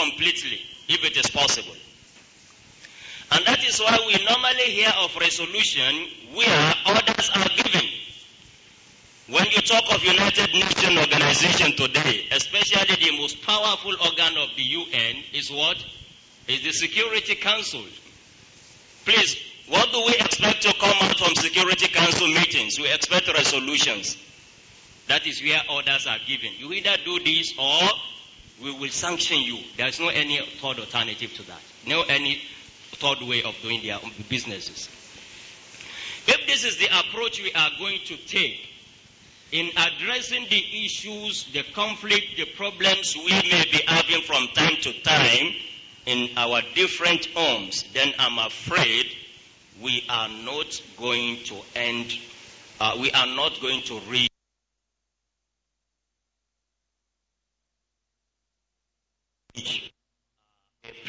completely if it is possible. And that is why we normally hear of resolution where orders are given. When you talk of United Nations Organization today, especially the most powerful organ of the UN is what? Is the Security Council. Please, what do we expect to come out from Security Council meetings? We expect resolutions. That is where orders are given. You either do this or we will sanction you. There is no any third alternative to that. No any third way of doing their businesses. If this is the approach we are going to take in addressing the issues, the conflict, the problems we may be having from time to time in our different homes, then I'm afraid we are not going to end, uh, we are not going to reach.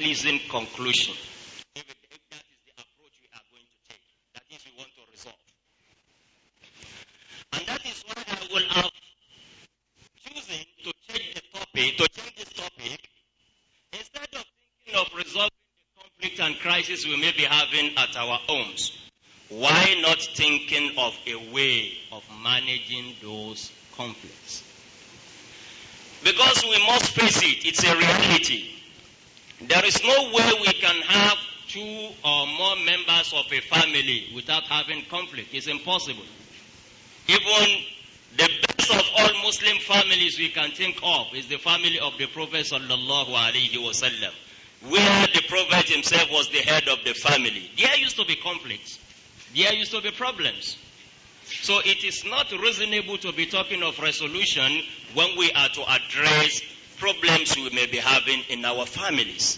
pleasing conclusion. that is the approach we are going to take, that is, we want to resolve. And that is why I will have chosen to change the topic, to change this topic, instead of thinking of resolving the conflict and crisis we may be having at our homes. Why not thinking of a way of managing those conflicts? Because we must face it, it's a reality. There is no way we can have two or more members of a family without having conflict. It's impossible. Even the best of all Muslim families we can think of is the family of the Prophet sallallahu alaihi wasallam, where the Prophet himself was the head of the family. There used to be conflicts. There used to be problems. So it is not reasonable to be talking of resolution when we are to address problems we may be having in our families.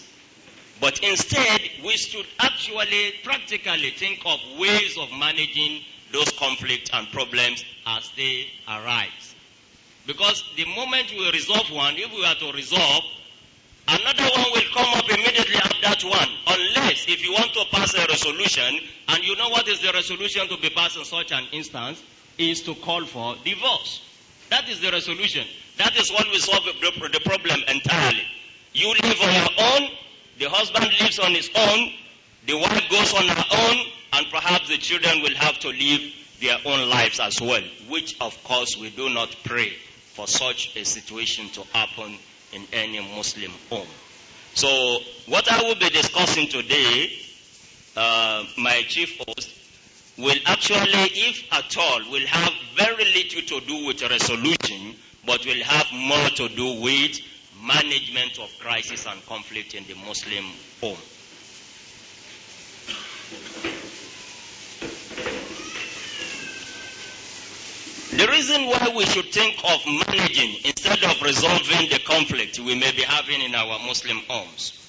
But instead, we should actually practically think of ways of managing those conflicts and problems as they arise. Because the moment we resolve one, if we are to resolve, another one will come up immediately after that one. Unless if you want to pass a resolution, and you know what is the resolution to be passed in such an instance, is to call for divorce. That is the resolution. That is when we solve the problem entirely. You live on your own, the husband lives on his own, the wife goes on her own, and perhaps the children will have to live their own lives as well, which of course we do not pray for such a situation to happen in any Muslim home. So, what I will be discussing today, uh, my chief host, will actually, if at all, will have very little to do with resolution but will have more to do with management of crisis and conflict in the Muslim home. The reason why we should think of managing instead of resolving the conflict we may be having in our Muslim homes.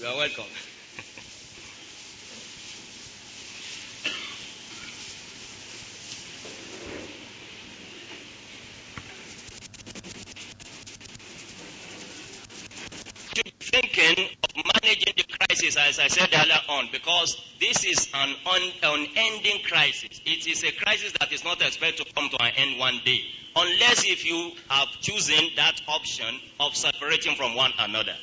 You are welcome. of managing the crisis, as I said earlier on, because this is an un- unending crisis. It is a crisis that is not expected to come to an end one day, unless if you have chosen that option of separating from one another.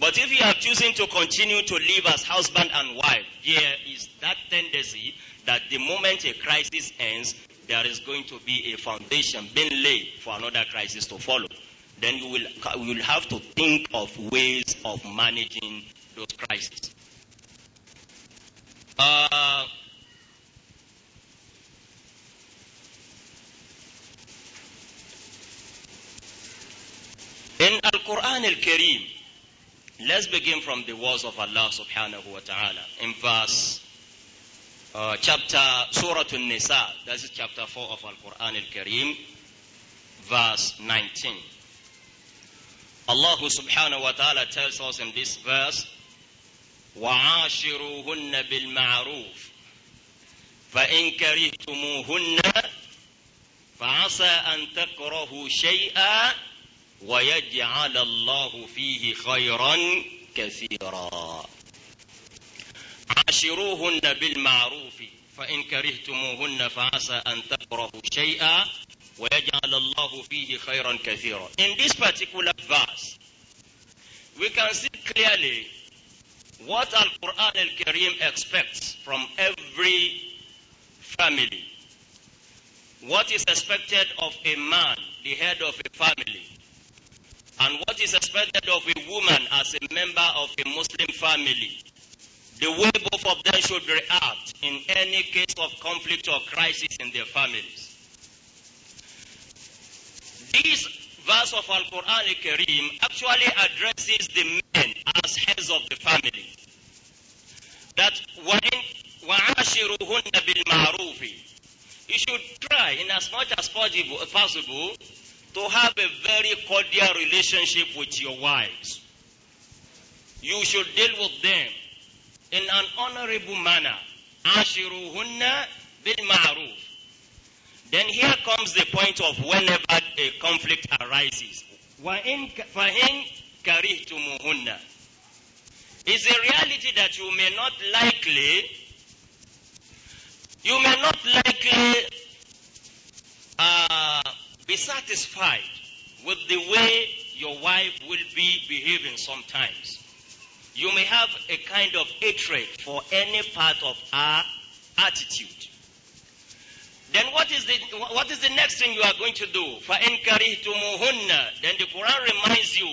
But if you are choosing to continue to live as husband and wife, there is that tendency that the moment a crisis ends, there is going to be a foundation being laid for another crisis to follow then you will, you will have to think of ways of managing those crises. Uh, in Al-Quran Al-Kareem, let's begin from the words of Allah subhanahu wa ta'ala in verse uh, chapter Surah An-Nisa, that is chapter 4 of Al-Quran Al-Kareem, verse 19. Allah subhanahu wa ta'ala tells us in this verse, وَعَاشِرُوهُنَّ بِالْمَعْرُوفِ فَإِنْ كَرِهْتُمُوهُنَّ فَعَسَى أَنْ تَكْرَهُوا شَيْئًا وَيَجْعَلَ اللَّهُ فِيهِ خَيْرًا كَثِيرًا عاشروهن بالمعروف فإن كرهتموهن فعسى أن تكرهوا شيئا وَيَجْعَلَ اللَّهُ فِيهِ خَيْرًا كَثِيرًا In this particular verse, we can see clearly what Al-Quran Al-Karim expects from every family. What is expected of a man, the head of a family, and what is expected of a woman as a member of a Muslim family. The way both of them should react in any case of conflict or crisis in their families. This verse of Al-Quran al Kareem actually addresses the men as heads of the family. That وَعَاشِرُهُنَّ بِالْمَعْرُوفِ You should try in as much as possible to have a very cordial relationship with your wives. You should deal with them in an honorable manner. عَاشِرُهُنَّ بِالْمَعْرُوفِ then here comes the point of whenever a conflict arises. It's a reality that you may not likely, you may not likely uh, be satisfied with the way your wife will be behaving sometimes. You may have a kind of hatred for any part of her attitude. Then what is the what is the next thing you are going to do? فَإِنْ كَرِهْتُمُوهُنَّ Then the Quran reminds you,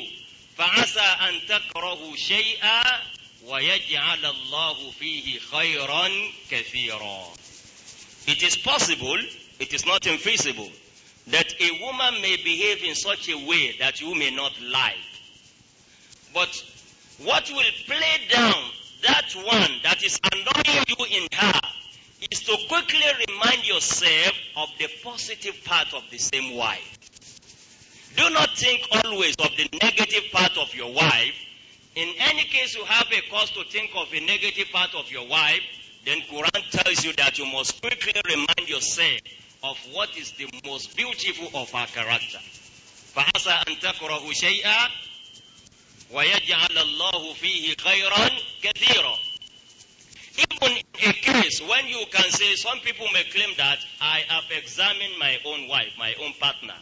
فَعَسَى أَن تَكْرَهُ شَيْئًا وَيَجْعَلَ اللَّهُ فِيهِ خَيْرًا كَثِيرًا It is possible, it is not infeasible, that a woman may behave in such a way that you may not like. But what will play down that one that is annoying you in her is to quickly remind yourself of the positive part of the same wife. Do not think always of the negative part of your wife. In any case you have a cause to think of a negative part of your wife, then Quran tells you that you must quickly remind yourself of what is the most beautiful of her character. ويجعل الله فيه خيرا كثيرا even a case when you can say, some people may claim that I have examined my own wife, my own partner,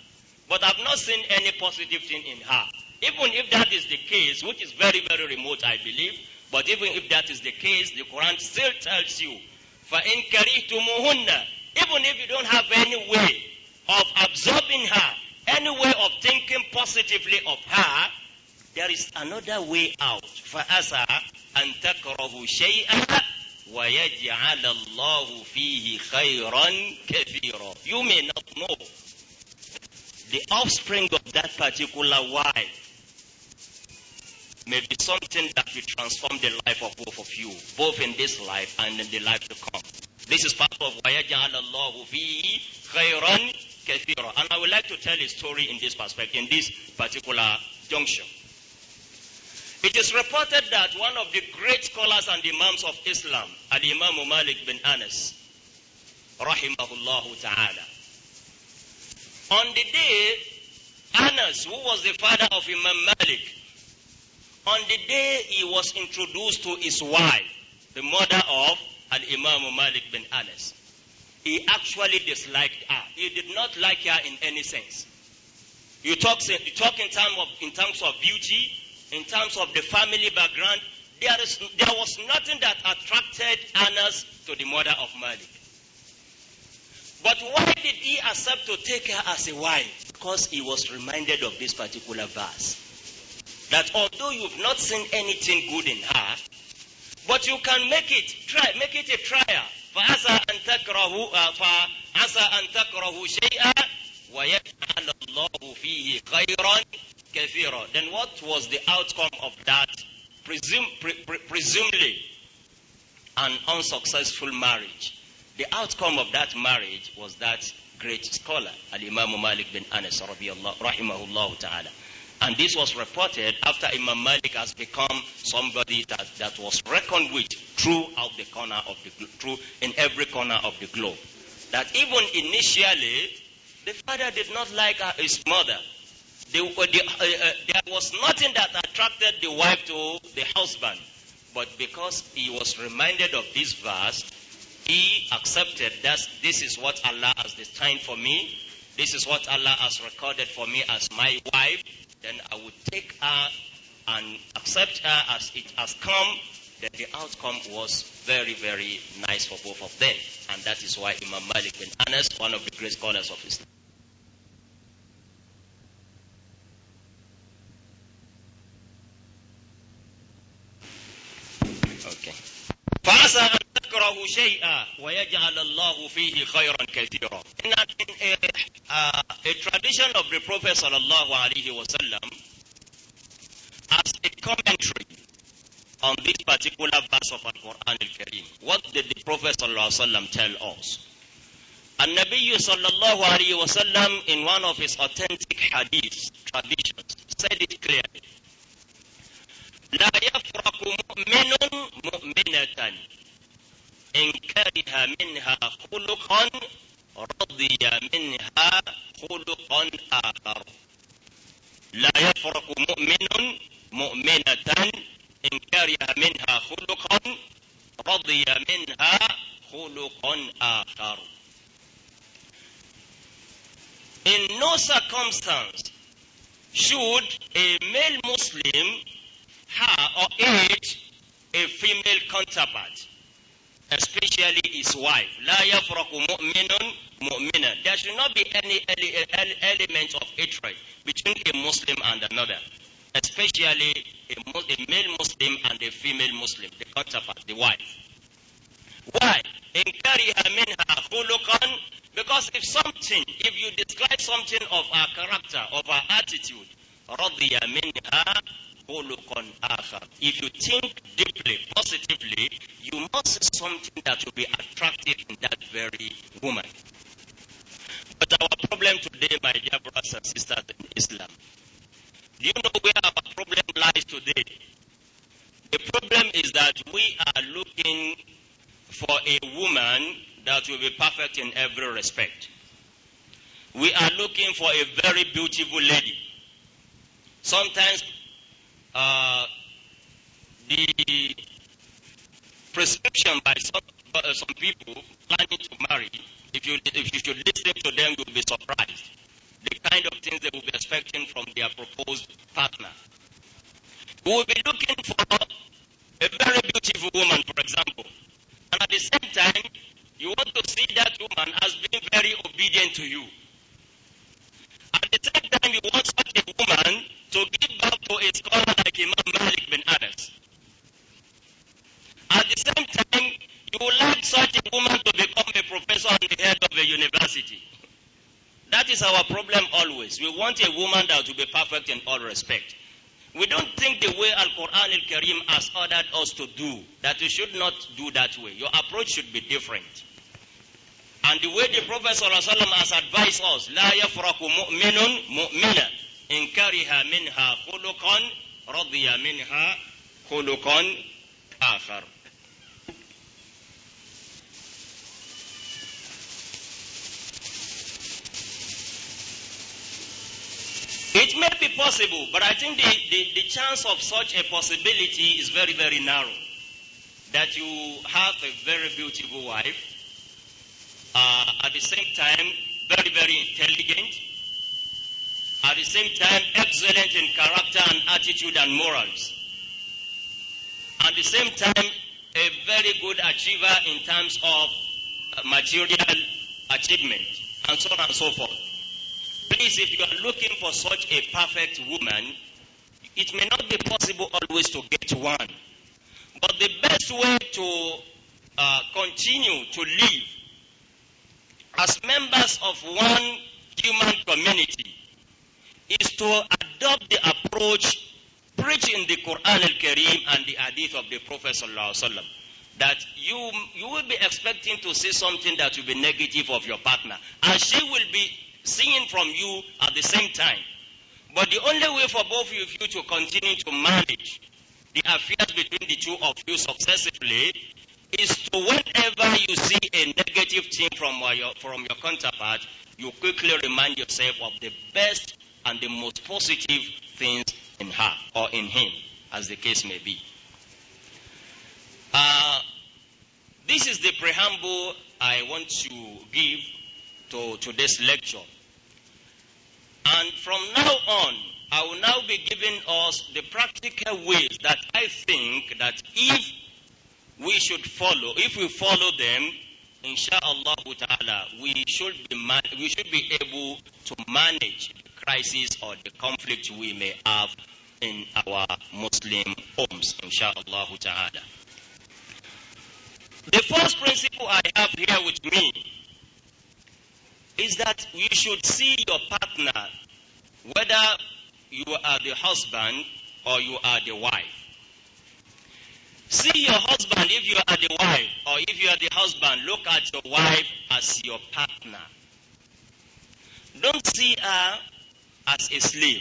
but I've not seen any positive thing in her. Even if that is the case, which is very, very remote, I believe, but even if that is the case, the Quran still tells you, فَإِن muhunna, Even if you don't have any way of absorbing her, any way of thinking positively of her, there is another way out. فَأَسَىٰ أَن تَكْرَهُ شَيْئًا وَيَجْعَلَ اللَّهُ فِيهِ خَيْرًا كَثِيرًا You may not know the offspring of that particular wife may be something that will transform the life of both of you, both in this life and in the life to come. This is part of وَيَجْعَلَ اللَّهُ فِيهِ خَيْرًا كَثِيرًا And I would like to tell a story in this perspective, in this particular junction. It is reported that one of the great scholars and imams of Islam, Al-Imam Malik bin Anas, rahimahullahu ta'ala, on the day Anas, who was the father of Imam Malik, on the day he was introduced to his wife, the mother of Al-Imam Malik bin Anas, he actually disliked her. He did not like her in any sense. You talk, you talk in, term of, in terms of beauty, in terms of the family background, there, is, there was nothing that attracted Anas to the mother of Malik. But why did he accept to take her as a wife? Because he was reminded of this particular verse. That although you've not seen anything good in her, but you can make it, try, make it a trial. فَعَسَى أَن تَكْرَهُ فَعَسَى أَن تَكْرَهُ شَيْئًا وَيَجْعَلَ اللَّهُ فِيهِ خَيْرًا then what was the outcome of that pre pre presumably an unsuccessful marriage the outcome of that marriage was that great scholar al-imam Malik bin Anas rahimahullah ta'ala and this was reported after Imam Malik has become somebody that, that was reckoned with throughout the corner of the through in every corner of the globe. That even initially, the father did not like his mother. Uh, uh, uh, there was nothing that attracted the wife to the husband. But because he was reminded of this verse, he accepted that this is what Allah has destined for me. This is what Allah has recorded for me as my wife. Then I would take her and accept her as it has come. Then the outcome was very, very nice for both of them. And that is why Imam Malik bin Anas, one of the great scholars of Islam, Okay. فعسى أن تكرهوا شيئا ويجعل الله فيه خيرا كثيرا. In a, uh, a tradition of the Prophet sallallahu alaihi wasallam, as a commentary on this particular verse of Al-Quran al-Karim, what did the Prophet sallallahu alaihi wasallam tell us? النبي صلى الله عليه وسلم in one of his authentic hadith traditions said it clearly لا يفرق مؤمن مؤمنة إن كره منها خلقا رضي منها خلقا آخر لا يفرق مؤمن مؤمنة إن كره منها خلقا رضي منها خلقا آخر In no circumstance should a male Muslim her or it a female counterpart, especially his wife. لا يفرق مؤمن There should not be any element of hatred between a Muslim and another, especially a male Muslim and a female Muslim, the counterpart, the wife. Why? because if something, if you describe something of her character, of her attitude, رضي منها khuluqan akhar. If you think deeply, positively, you must see something that will be attractive in that very woman. But our problem today, my dear brothers and sisters in Islam, do you know where our problem lies today? The problem is that we are looking for a woman that will be perfect in every respect. We are looking for a very beautiful lady. Sometimes uh, the perception by some, uh, some people planning to marry, if you, if you should listen to them, you'll be surprised. The kind of things they will be expecting from their proposed partner. We will be looking for a very beautiful woman, for example. And at the same time, you want to see that woman as being very obedient to you. At the same time, you want such a woman to give birth to a scholar like Imam Malik bin Anas. At the same time, you would like such a woman to become a professor and the head of a university. That is our problem always. We want a woman that will be perfect in all respect. We don't think the way Al Quran Al Karim has ordered us to do, that we should not do that way. Your approach should be different. And the way the Prophet has advised us, لا يفرق مؤمن مؤمنا إن كره منها خلقا رضي منها خلقا آخر. It may be possible, but I think the, the, the chance of such a possibility is very, very narrow. That you have a very beautiful wife, uh, at the same time very, very intelligent, at the same time excellent in character and attitude and morals, at the same time a very good achiever in terms of uh, material achievement, and so on and so forth. Please, if you are looking for such a perfect woman, it may not be possible always to get one. But the best way to uh, continue to live as members of one human community is to adopt the approach preached in the Quran al-Karim and the hadith of the Prophet sallallahu that you, you will be expecting to see something that will be negative of your partner. And she will be seeing from you at the same time. But the only way for both of you to continue to manage the affairs between the two of you successfully is to whenever you see a negative thing from your, from your counterpart, you quickly remind yourself of the best and the most positive things in her or in him, as the case may be. Uh, this is the preamble I want to give to today's lecture. And from now on, I will now be giving us the practical ways that I think that if we should follow. If we follow them, insha'Allah we should be we should be able to manage the crisis or the conflict we may have in our Muslim homes, insha'Allah ta'ala. The first principle I have here with me is that you should see your partner, whether you are the husband or you are the wife See your husband if you are the wife, or if you are the husband, look at your wife as your partner. Don't see her as a slave.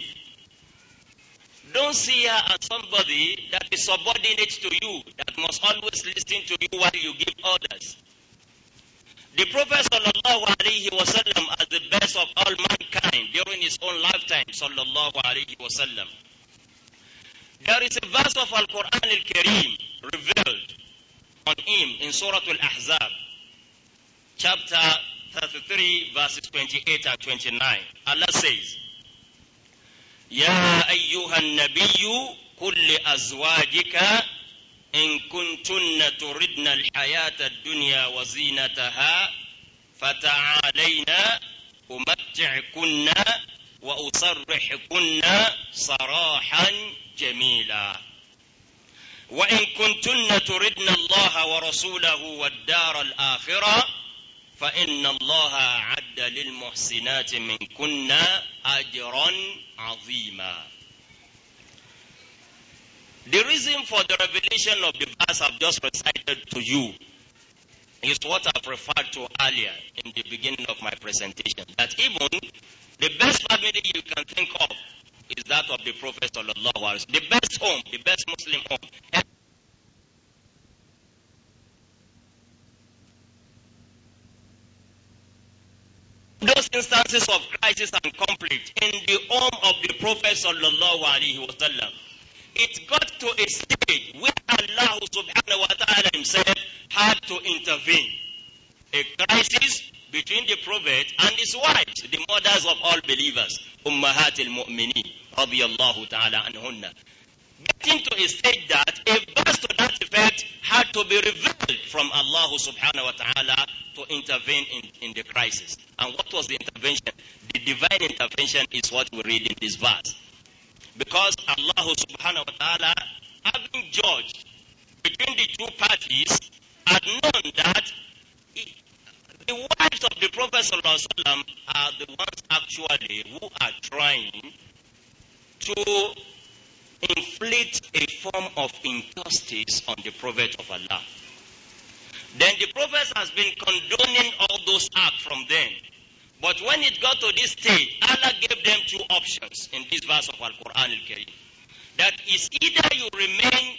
Don't see her as somebody that is subordinate to you, that must always listen to you while you give orders. The Prophet sallallahu alaihi wasallam as the best of all mankind during his own lifetime sallallahu alaihi wasallam. There is a verse of Al-Quran Al-Kareem revealed on him in Surah Al-Ahzab, chapter 33, verses 28 and 29. Allah says, يا أيها النبي كل أزواجك إن al تردن dunya wa zinataha fata'alayna umatti'kunna وأصرحكن صراحا جميلا وإن كنتن تردن الله ورسوله والدار الآخرة فإن الله أعد للمحسنات منكن أجرا عظيما The reason for the revelation of the verse I've just recited to you is what I've referred to earlier in the beginning of my presentation. That even The best family you can think of is that of the Prophet sallallahu alaihi wasallam. The best home, the best Muslim home. those instances of crisis and conflict in the home of the Prophet sallallahu alaihi wasallam, it got to a stage where Allah subhanahu wa taala himself had to intervene. A crisis between the Prophet and his wives, the mothers of all believers, Ummahat al-Mu'mineen, radiyallahu ta'ala anhunna. Getting to a stage that a verse to that effect had to be revealed from Allah subhanahu wa ta'ala to intervene in, in the crisis. And what was the intervention? The divine intervention is what we read in this verse. Because Allah subhanahu wa ta'ala, having judged between the two parties, had known that the Hadith of the Prophet Allah are the ones actually who are trying to inflict a form of injustice on the Prophet of Allah. Then the Prophet has been condoning all those acts from them. But when it got to this stage, Allah gave them two options in this verse of Al Quran al Karim. That is either you remain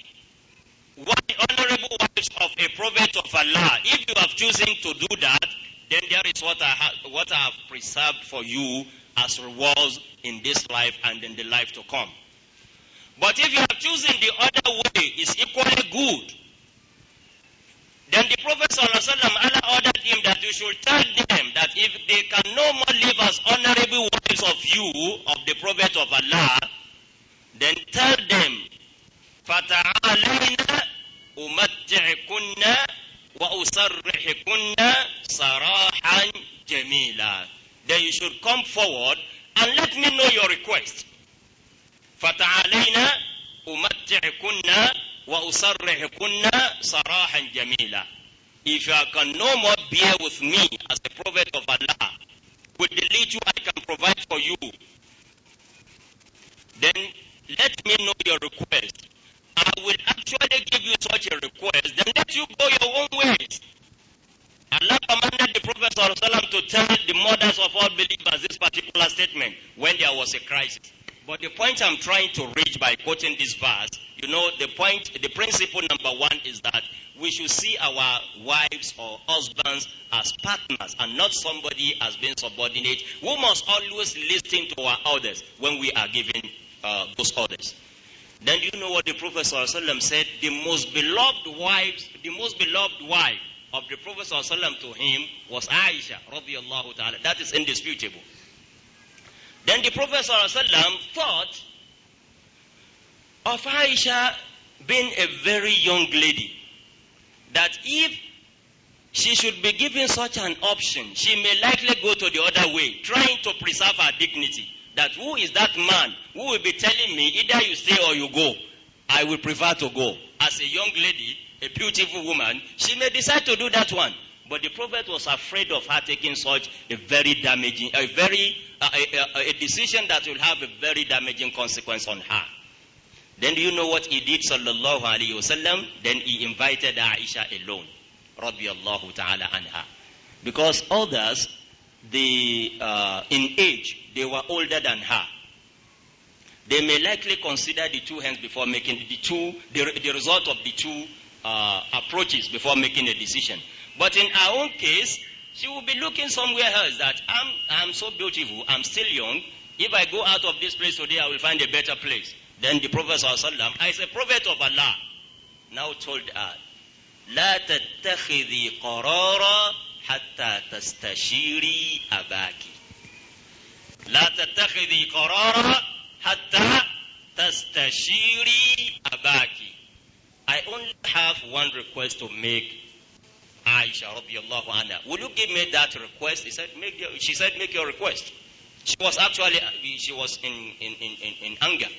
one honorable wives of a prophet of Allah, if you have chosen to do that, then there is what I, ha- what I have preserved for you as rewards in this life and in the life to come. But if you have chosen the other way, it's equally good. Then the Prophet Allah ordered him that you should tell them that if they can no more live as honorable wives of you, of the Prophet of Allah, then tell them, فَتَعَالَيْنَا أُمَتِّعْكُنَّ وأصرحكن صراحا جميلا Then you should come forward and let me know your request فتعالينا أمتعكن وأصرحكن صراحا جميلا If you can no more bear with me as a prophet of Allah, with the little I can provide for you, then let me know your request I will actually give you such a request, then let you go your own ways. Allah commanded the Prophet ﷺ to tell the mothers of all believers this particular statement when there was a crisis. But the point I'm trying to reach by quoting this verse, you know, the point, the principle number one is that we should see our wives or husbands as partners and not somebody as being subordinate. We must always listen to our orders when we are giving uh, those orders. Then you know what the Prophet ﷺ said? The most beloved wives, the most beloved wife of the Prophet ﷺ to him was Aisha radiallahu ta'ala. That is indisputable. Then the Prophet ﷺ thought of Aisha being a very young lady. That if she should be given such an option, she may likely go to the other way, trying to preserve her dignity that who is that man who will be telling me either you stay or you go? I will prefer to go. As a young lady, a beautiful woman, she may decide to do that one. But the prophet was afraid of her taking such a very damaging, a very, uh, a, a, a decision that will have a very damaging consequence on her. Then do you know what he did, sallallahu alayhi wasallam? Then he invited Aisha alone, allahu ta'ala anha. Because others, the, uh, in age, they were older than her. They may likely consider the two hands before making the two, the, the result of the two uh, approaches before making a decision. But in our own case, she will be looking somewhere else that I'm, I'm so beautiful, I'm still young. If I go out of this place today, I will find a better place. Then the Prophet as a prophet of Allah, now told her, لا تتخذي قرارا hatta tastashiri abaki. La tattakhidhi qarara hatta tastashiri abaki. I only have one request to make Aisha radiallahu anha. Will you give me that request? He said, make your, she said, make your request. She was actually, she was in, in, in, in anger.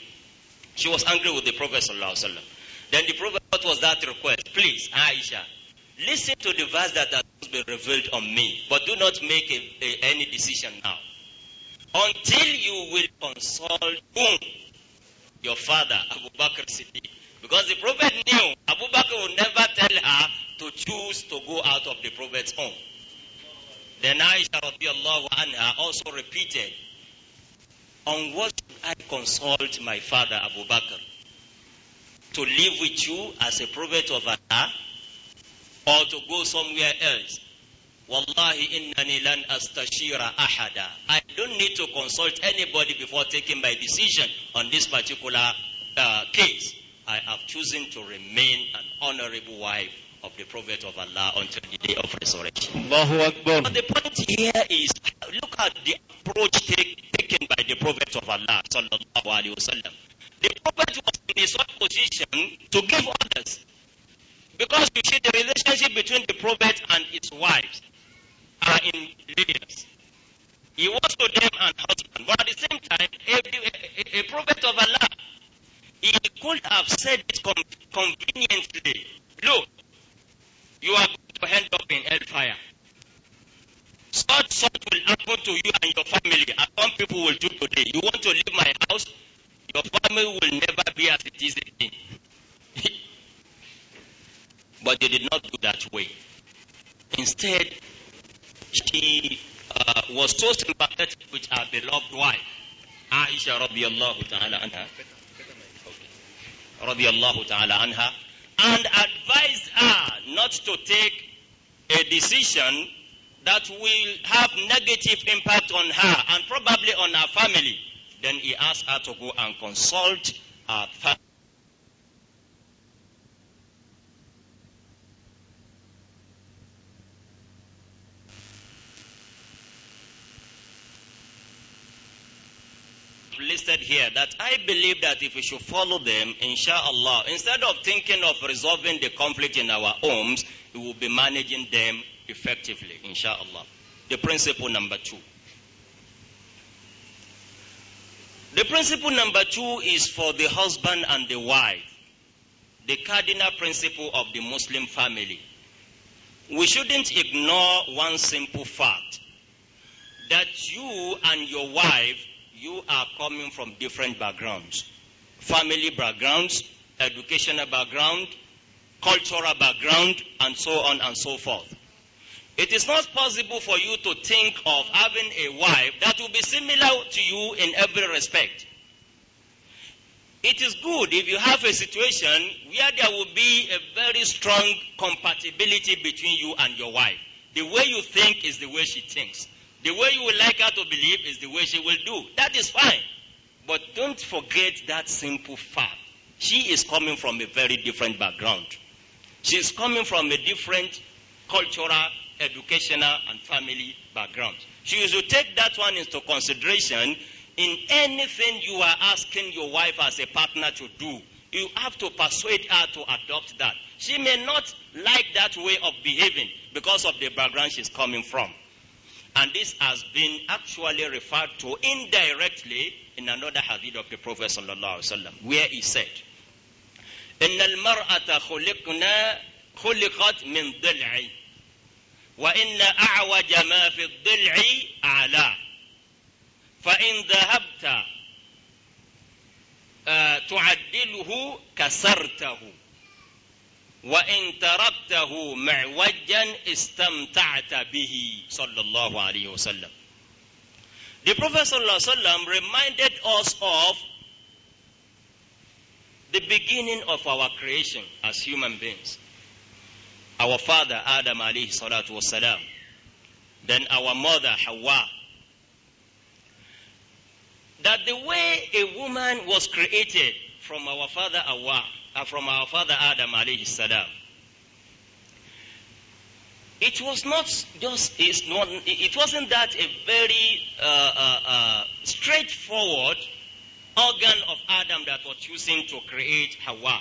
She was angry with the Prophet sallallahu alaihi wasallam. Then the Prophet, what was that request? Please, Aisha, Listen to the verse that has been revealed on me, but do not make a, a, any decision now. Until you will consult whom? Your father, Abu Bakr Siddiq. Because the prophet knew Abu Bakr would never tell her to choose to go out of the prophet's home. Then Aisha radiallahu anha also repeated, On what should I consult my father Abu Bakr? To live with you as a prophet of Allah or to go somewhere else. Wallahi innani lan astashira ahada. I don't need to consult anybody before taking my decision on this particular uh, case. I have chosen to remain an honorable wife of the Prophet of Allah until the day of resurrection. Allahu Akbar. But the point here is look at the approach take, taken by the Prophet of Allah. The Prophet was in a such position to give orders. Because you see, the relationship between the prophet and his wives are in leaders. He was to them an husband. But at the same time, a, a, a prophet of Allah, he could have said it conveniently. Look, you are going to end up in hellfire. Such, such will happen to you and your family, as some people will do today. You want to leave my house, your family will never be as it is again. But they did not go that way. Instead, she uh, was so sympathetic with her beloved wife, Aisha radiallahu ta'ala anha, radiallahu ta'ala anha, and advised her not to take a decision that will have negative impact on her and probably on her family. Then he asked her to go and consult her family listed here that I believe that if we should follow them, inshallah, instead of thinking of resolving the conflict in our homes, we will be managing them effectively, inshallah. The principle number two. The principle number two is for the husband and the wife, the cardinal principle of the Muslim family. We shouldn't ignore one simple fact that you and your wife you are coming from different backgrounds family backgrounds, educational background, cultural background, and so on and so forth. It is not possible for you to think of having a wife that will be similar to you in every respect. It is good if you have a situation where there will be a very strong compatibility between you and your wife. The way you think is the way she thinks. The way you would like her to believe is the way she will do. That is fine. But don't forget that simple fact. She is coming from a very different background. She is coming from a different cultural, educational, and family background. She should take that one into consideration in anything you are asking your wife as a partner to do. You have to persuade her to adopt that. She may not like that way of behaving because of the background she's coming from. And this has been actually referred to indirectly in another hadith of the Prophet sallallahu where he said, إن المرأة خلقنا خلقت من ضلع وإن أعوج ما في الضلع أعلى فإن ذهبت تعدله كسرته وإن تركته معوجا استمتعت به صلى الله عليه وسلم The Prophet ﷺ reminded us of the beginning of our creation as human beings. Our father Adam alayhi salatu wasalam, then our mother Hawa. That the way a woman was created from our father Hawa are uh, from our father Adam alayhi salam. It was not just, it's not, it wasn't that a very uh, uh, uh, straightforward organ of Adam that was using to create Hawa.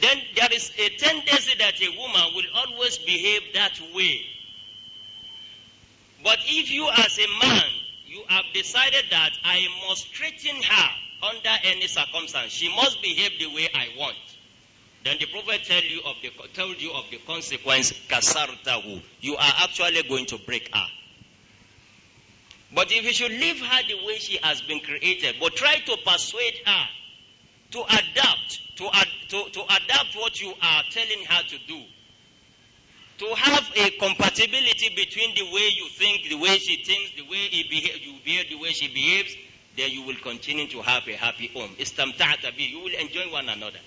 Then there is a tendency that a woman will always behave that way. But if you as a man, you have decided that I must straighten her under any circumstance. She must behave the way I want. Then the prophet tell you of the, told you of the consequence, kasartahu. You are actually going to break her. But if you should leave her the way she has been created, but try to persuade her to adapt, to, ad, to, to adapt what you are telling her to do, to have a compatibility between the way you think, the way she thinks, the way you behave, the way she behaves, then you will continue to have a happy home. Istamtaatabi, You will enjoy one another.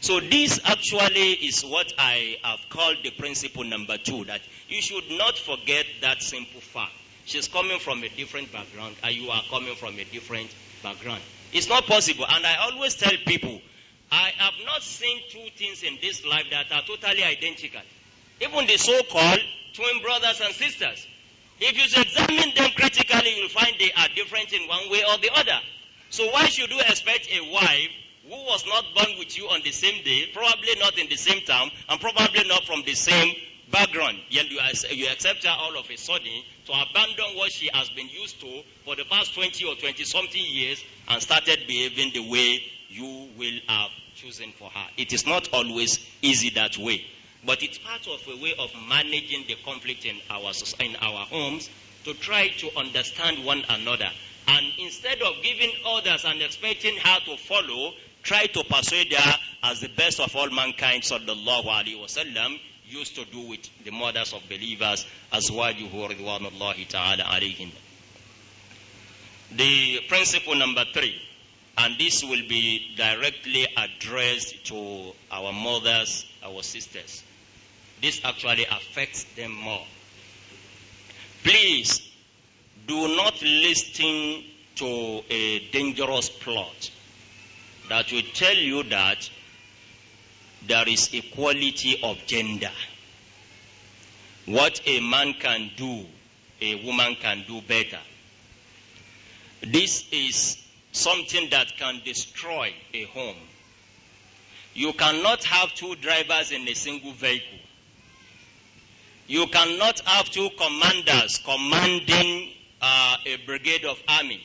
So this actually is what I have called the principle number two, that you should not forget that simple fact. She's coming from a different background, and you are coming from a different background. It's not possible. And I always tell people, I have not seen two things in this life that are totally identical. Even the so-called twin brothers and sisters. If you examine them critically, you'll find they are different in one way or the other. So why should you expect a wife who was not born with you on the same day, probably not in the same town, and probably not from the same background, yet you, you accept her all of a sudden to abandon what she has been used to for the past 20 or 20 something years and started behaving the way you will have chosen for her. It is not always easy that way. But it's part of a way of managing the conflict in our, in our homes to try to understand one another. And instead of giving orders and expecting her to follow, try to persuade her as the best of all mankind, sallallahu alayhi wasallam, used to do with the mothers of believers, as well ridwanullahi ta'ala The principle number three, and this will be directly addressed to our mothers, our sisters this actually affects them more. Please do not listen to a dangerous plot that will tell you that there is equality of gender. What a man can do, a woman can do better. This is something that can destroy a home. You cannot have two drivers in a single vehicle. You cannot have two commanders commanding uh, a brigade of army.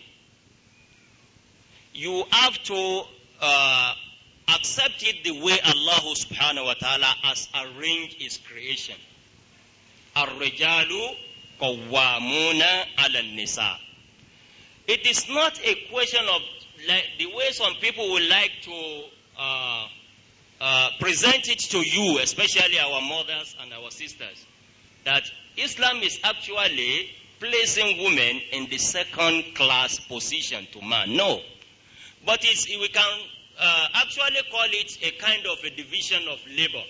You have to uh, accept it the way Allah subhanahu wa ta'ala has arranged his creation. It is not a question of like, the way some people would like to uh, uh, present it to you, especially our mothers and our sisters that Islam is actually placing women in the second class position to man. No. But we can uh, actually call it a kind of a division of labor.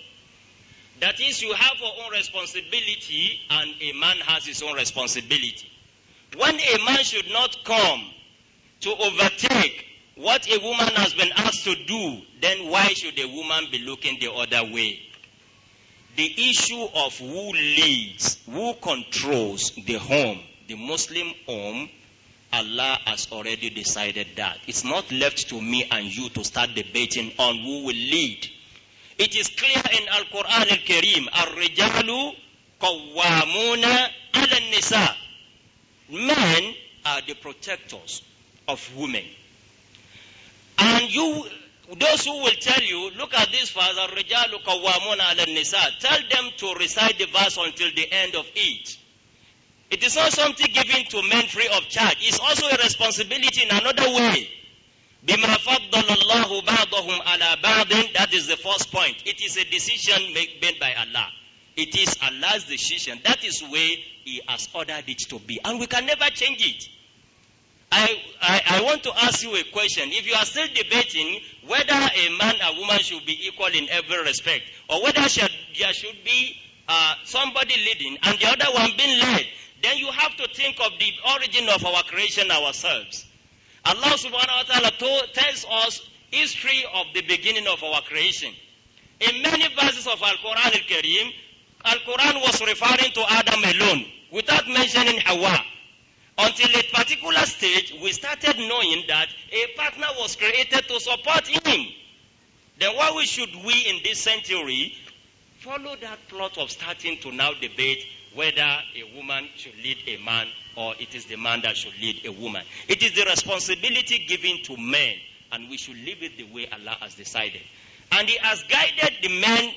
That is, you have your own responsibility and a man has his own responsibility. When a man should not come to overtake what a woman has been asked to do, then why should a woman be looking the other way? the issue of who leads, who controls the home, the Muslim home, Allah has already decided that. It's not left to me and you to start debating on who will lead. It is clear in Al Quran Al Kareem, Al Rijalu Qawwamuna Al Nisa. Men are the protectors of women. And you those who will tell you, look at this verse, Tell them to recite the verse until the end of it. It is not something given to men free of charge. It's also a responsibility in another way. That is the first point. It is a decision made by Allah. It is Allah's decision. That is where He has ordered it to be, and we can never change it. I, I, I, want to ask you a question. If you are still debating whether a man and woman should be equal in every respect, or whether there should be uh, somebody leading and the other one being led, then you have to think of the origin of our creation ourselves. Allah subhanahu wa ta'ala tells us history of the beginning of our creation. In many verses of Al-Quran al-Karim, Al-Quran was referring to Adam alone without mentioning Hawa. Until a particular stage, we started knowing that a partner was created to support him. Then why should we in this century follow that plot of starting to now debate whether a woman should lead a man or it is the man that should lead a woman? It is the responsibility given to men, and we should live it the way Allah has decided. And He has guided the men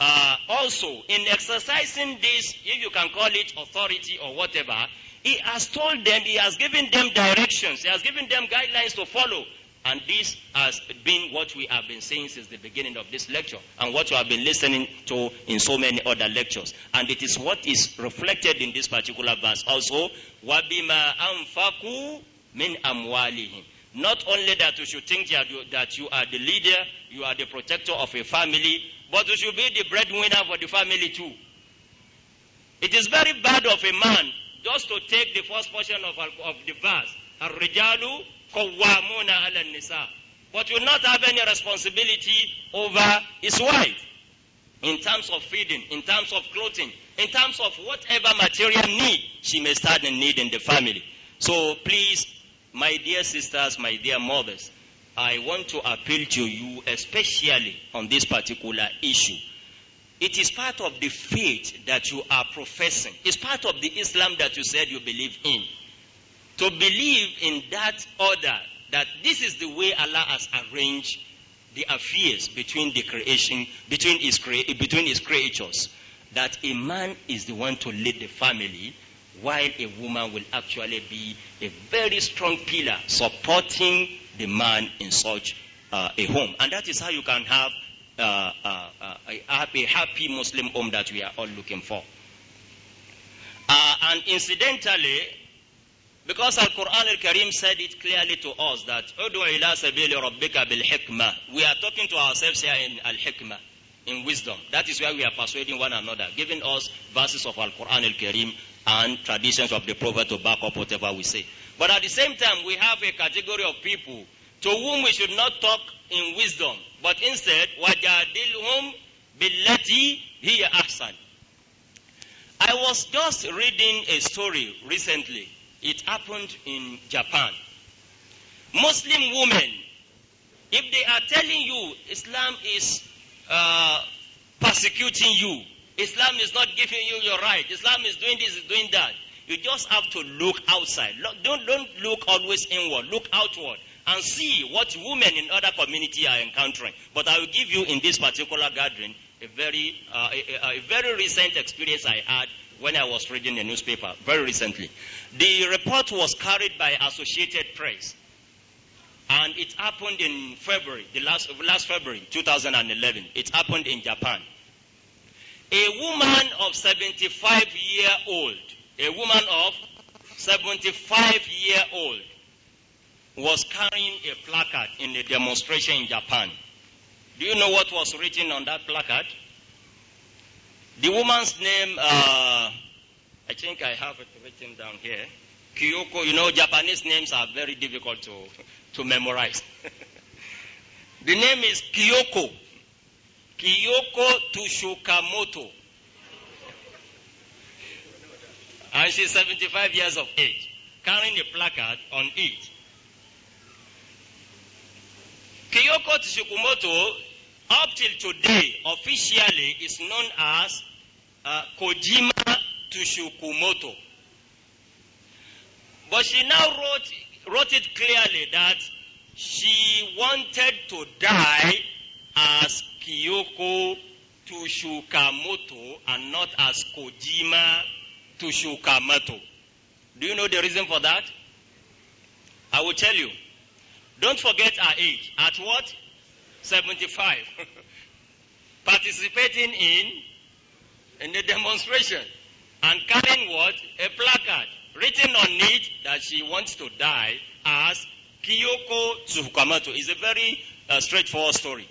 uh, also in exercising this, if you can call it authority or whatever, he has told them, he has given them directions, he has given them guidelines to follow. And this has been what we have been saying since the beginning of this lecture and what you have been listening to in so many other lectures. And it is what is reflected in this particular verse also. Wabima amfaku مِنْ أَمْوَالِهِمْ Not only that you should think that you are the leader, you are the protector of a family, but you should be the breadwinner for the family too. It is very bad of a man just to take the first portion of, of the verse, الرجال قوامون على النساء. But will not have any responsibility over his wife in terms of feeding, in terms of clothing, in terms of whatever material need she may start in need in the family. So please, my dear sisters, my dear mothers, I want to appeal to you especially on this particular issue it is part of the faith that you are professing. It's part of the Islam that you said you believe in. To believe in that order, that this is the way Allah has arranged the affairs between the creation, between his, between his creatures, that a man is the one to lead the family, while a woman will actually be a very strong pillar supporting the man in such uh, a home. And that is how you can have uh, uh, uh, a, happy, happy Muslim home that we are all looking for. Uh, and incidentally, because Al-Quran Al-Karim said it clearly to us that We are talking to ourselves here in Al-Hikmah, in wisdom. That is where we are persuading one another, giving us verses of Al-Quran Al-Karim and traditions of the Prophet to back up whatever we say. But at the same time, we have a category of people to whom we should not talk in wisdom, but instead, وَجَادِلْهُمْ بِالَّتِي هِيَ أَحْسَنُ I was just reading a story recently. It happened in Japan. Muslim women, if they are telling you Islam is uh, persecuting you, Islam is not giving you your right, Islam is doing this, is doing that, you just have to look outside. Look, don't, don't look always inward, look outward and see what women in other community are encountering. But I will give you in this particular gathering a very, uh, a, a very recent experience I had when I was reading the newspaper, very recently. The report was carried by Associated Press. And it happened in February, the last, last February, 2011. It happened in Japan. A woman of 75 year old, a woman of 75 year old was carrying a placard in a demonstration in Japan. Do you know what was written on that placard? The woman's name, uh, I think I have it written down here. Kyoko, you know, Japanese names are very difficult to, to memorize. the name is Kyoko. Kyoko Tushukamoto. And she's 75 years of age, carrying a placard on it Kyoko Tsukumoto, up till today, officially is known as uh, Kojima Tsukumoto. But she now wrote, wrote it clearly that she wanted to die as Kyoko Tsukamoto and not as Kojima Tsukamoto. Do you know the reason for that? I will tell you. Don't forget our age. At what? 75. Participating in in the demonstration and carrying what? A placard written on it that she wants to die as Kyoko Tsukamoto. It's a very uh, straightforward story.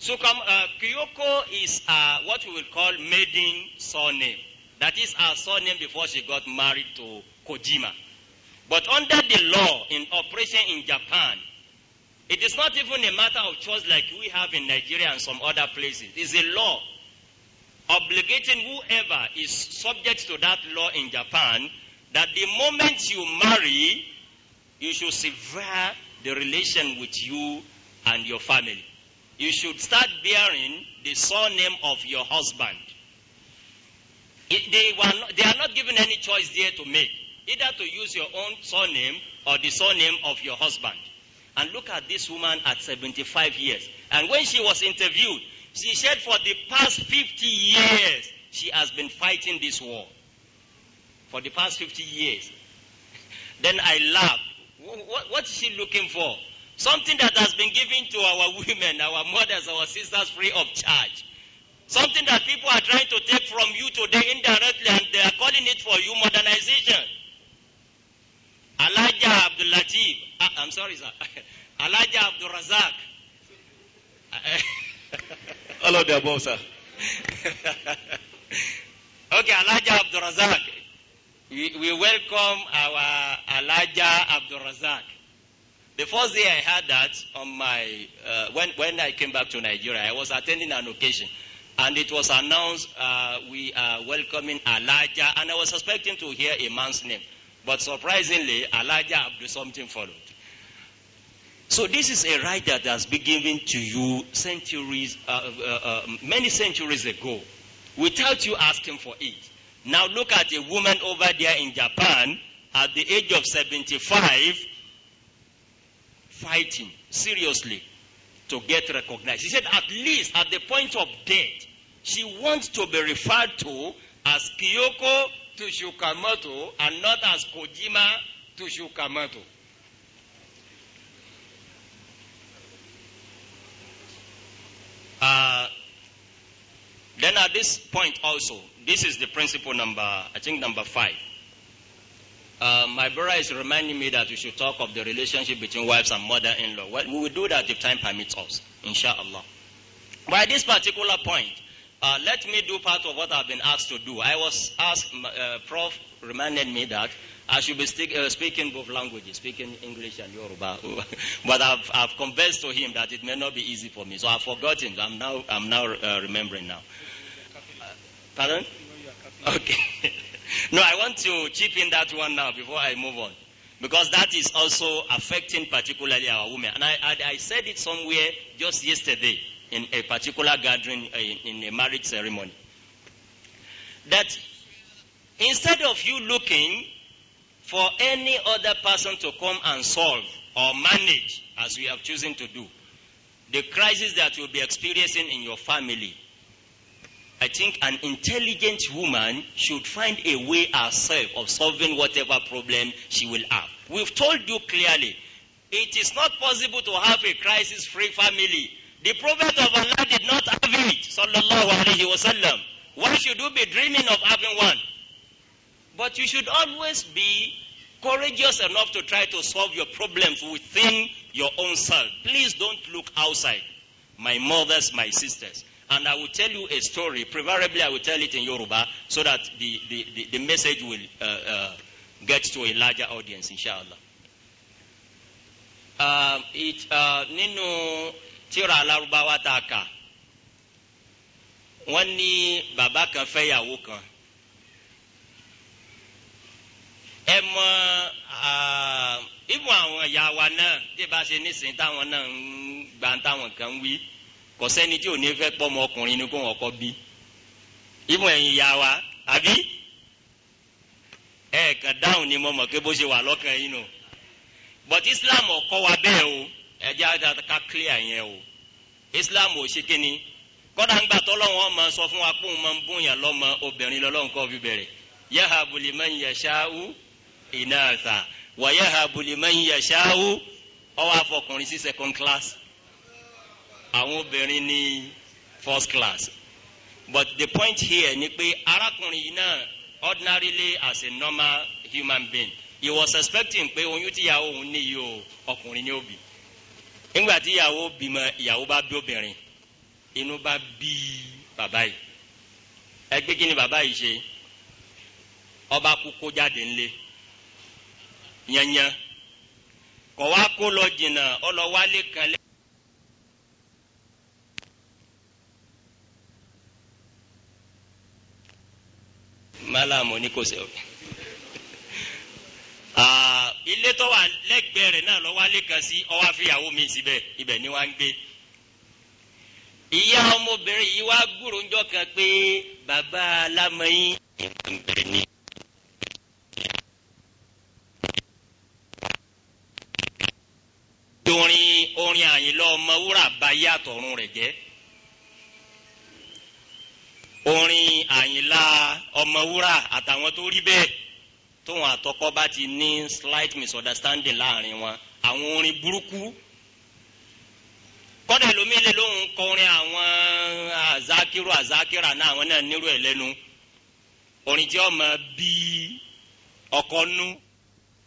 Tsukam, uh, Kyoko is uh, what we will call maiden surname. That is her surname before she got married to Kojima. But under the law in operation in Japan, it is not even a matter of choice like we have in Nigeria and some other places. It's a law obligating whoever is subject to that law in Japan that the moment you marry, you should sever the relation with you and your family. You should start bearing the surname of your husband. They, not, they, are not given any choice there to make, either to use your own surname or the surname of your husband. And look at this woman at 75 years. And when she was interviewed, she said for the past 50 years, she has been fighting this war. For the past 50 years. then I laughed. What, what is she looking for? Something that has been given to our women, our mothers, our sisters free of charge. Something that people are trying to take from you today indirectly and they are calling it for you modernization. Alaja Abdul Latif. Uh, ah, I'm sorry, sir. Alaja Abdul Razak. dear of sir. okay, Alaja Abdul Razak. We, we welcome our Alaja Abdul Razak. The first day I had that on my uh, when when I came back to Nigeria, I was attending an occasion, and it was announced uh, we are welcoming Alaja, and I was expecting to hear a man's name. But surprisingly, Elijah Abdul something followed. So this is a right that has been given to you centuries, uh, uh, uh, um, many centuries ago, without you asking for it. Now look at a woman over there in Japan at the age of 75 fighting seriously to get recognized. She said at least at the point of death, she wants to be referred to as Kyoko to Shukamoto and not as Kojima to Shukamoto. Uh, then at this point also, this is the principle number, I think number five. Uh, my brother is reminding me that we should talk of the relationship between wives and mother-in-law. Well, we will do that if time permits us, inshallah. By this particular point, uh, let me do part of what I've been asked to do. I was asked, uh, Prof reminded me that I should be stick, uh, speaking both languages, speaking English and Yoruba. but I've, I've confessed to him that it may not be easy for me. So I've forgotten. I'm now, I'm now uh, remembering now. Uh, pardon? Okay. no, I want to chip in that one now before I move on. Because that is also affecting particularly our women. And I, I, I said it somewhere just yesterday in a particular gathering, uh, in a marriage ceremony. That instead of you looking for any other person to come and solve or manage, as we have chosen to do, the crisis that you'll be experiencing in your family, I think an intelligent woman should find a way herself of solving whatever problem she will have. We've told you clearly, it is not possible to have a crisis free family the Prophet of Allah did not have it, sallallahu alayhi wasallam. Why should you be dreaming of having one? But you should always be courageous enough to try to solve your problems within your own self. Please don't look outside. My mothers, my sisters. And I will tell you a story. Preferably, I will tell it in Yoruba so that the, the, the, the message will uh, uh, get to a larger audience, inshallah. Um, uh, it, nino. tíra alárúbáwá tá a kà wọ́n ní bàbá kan fẹ́yàwó kan ẹ mọ ìmọ̀ àwọn ìyá wa náà tí bá ṣe nísìnyí táwọn náà ń gba táwọn kan ń wí kò sẹ́ni tí ò ní fẹ́ pọ́ ọmọ ọkùnrin ni kó wọn kọ́ bí ìmọ̀ ẹ̀yìn ìyá wa àbí ẹ̀ẹ̀kan dáhùn ni mo mọ̀ pé bó ṣe wà lọ́kàn yín nù but Islam ò kọ́ wa bẹ́ẹ̀ o ẹjẹ́ àtàkà clear yẹn o islam ò ṣe kí ni kọ́dà ń gbà tọ́lọ́wọ́n ọmọ sọ fún wa pé òun máa ń bóyàn lọ́mọ obìnrin lọ́lọ́run kọ́ fi bẹ̀rẹ̀ yahabu liman yasha'u inatha wa yahabu liman yasha'u ọwọ́ afọkùnrin sí second class àwọn obìnrin ní first class but the point here ni pé arákùnrin yìí náà ordinarily as a normal human being he was expecting pé oyún tíyàwó òun níyì o ọkùnrin ní òbí nígbà tí ìyàwó bímọ ìyàwó bá bí obìnrin inú bá bí bàbá yìí ẹ kí ni bàbá yìí ṣe ọba kú kó jáde ńlé yanyan kọ̀ wá kó lọ jìnnà ọlọ́wálé kan lẹ́yìn. mala mo ní kò sẹ́wọ̀. Ah, ilé tó wà lẹ́gbẹ̀ẹ́ ẹgbẹ́ rẹ̀ náà lọ́wọ́ alẹ́ kan sí ọwọ́ àfihàwó mi síbẹ̀ ibẹ̀ ni wọ́n ń gbé. ìyá ọmọbìnrin yìí wá gbúrò ńjọ́ kan pé bàbá alámọ̀yìn ìbẹ̀rẹ̀ ni. orin orin àyìnlọ ọmọ bá yàtọ̀ ọ̀run rẹ̀ jẹ́ orin àyìnlá ọmọ àtàwọn tó rí bẹ́ẹ̀ tóun àtọkọ bá ti ní slight misunderstanding láàrin wọn àwọn orin burúkú kọ́dà lómi lè lóun kọrin àwọn azakiru azakira náà àwọn náà nírú ẹ̀ lẹ́nu orin tí ọmọ bíi ọkọ nú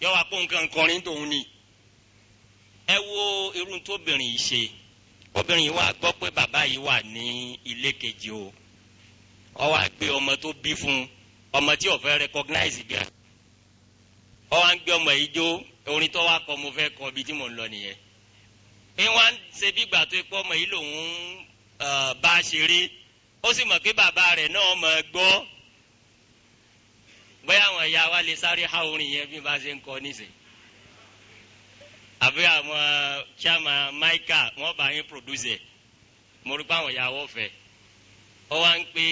yọ wá pé nǹkan kọrin tòun ni ẹ wo irun tóbìnrin yìí ṣe obìnrin yìí wá gbọ́ pé bàbá yìí wà ní ilé kejì o ọ wá gbé ọmọ tó bí fún ọmọ tí ò fẹ́ recognize gan ọ wá ń gbé ọmọ yìí jó orin tó wá kọ mo fẹ́ kọ ibi tí mò ń lọ nìyẹn ń wá ń ṣe bí ìgbà tó pọ́ ọmọ yìí lòun bá a ṣeré ó sì mọ̀ pé bàbá rẹ̀ náà mọ̀ ẹ́ gbọ́ bóyá àwọn ìyá wa lè sáré há orin yẹn bí n bá ṣe ń kọ níṣẹ́ àbí àwọn chairman michael wọ́n bá yín producer mo rí pé àwọn ìyá wọ́n fẹ́ẹ́. ó wá ń pè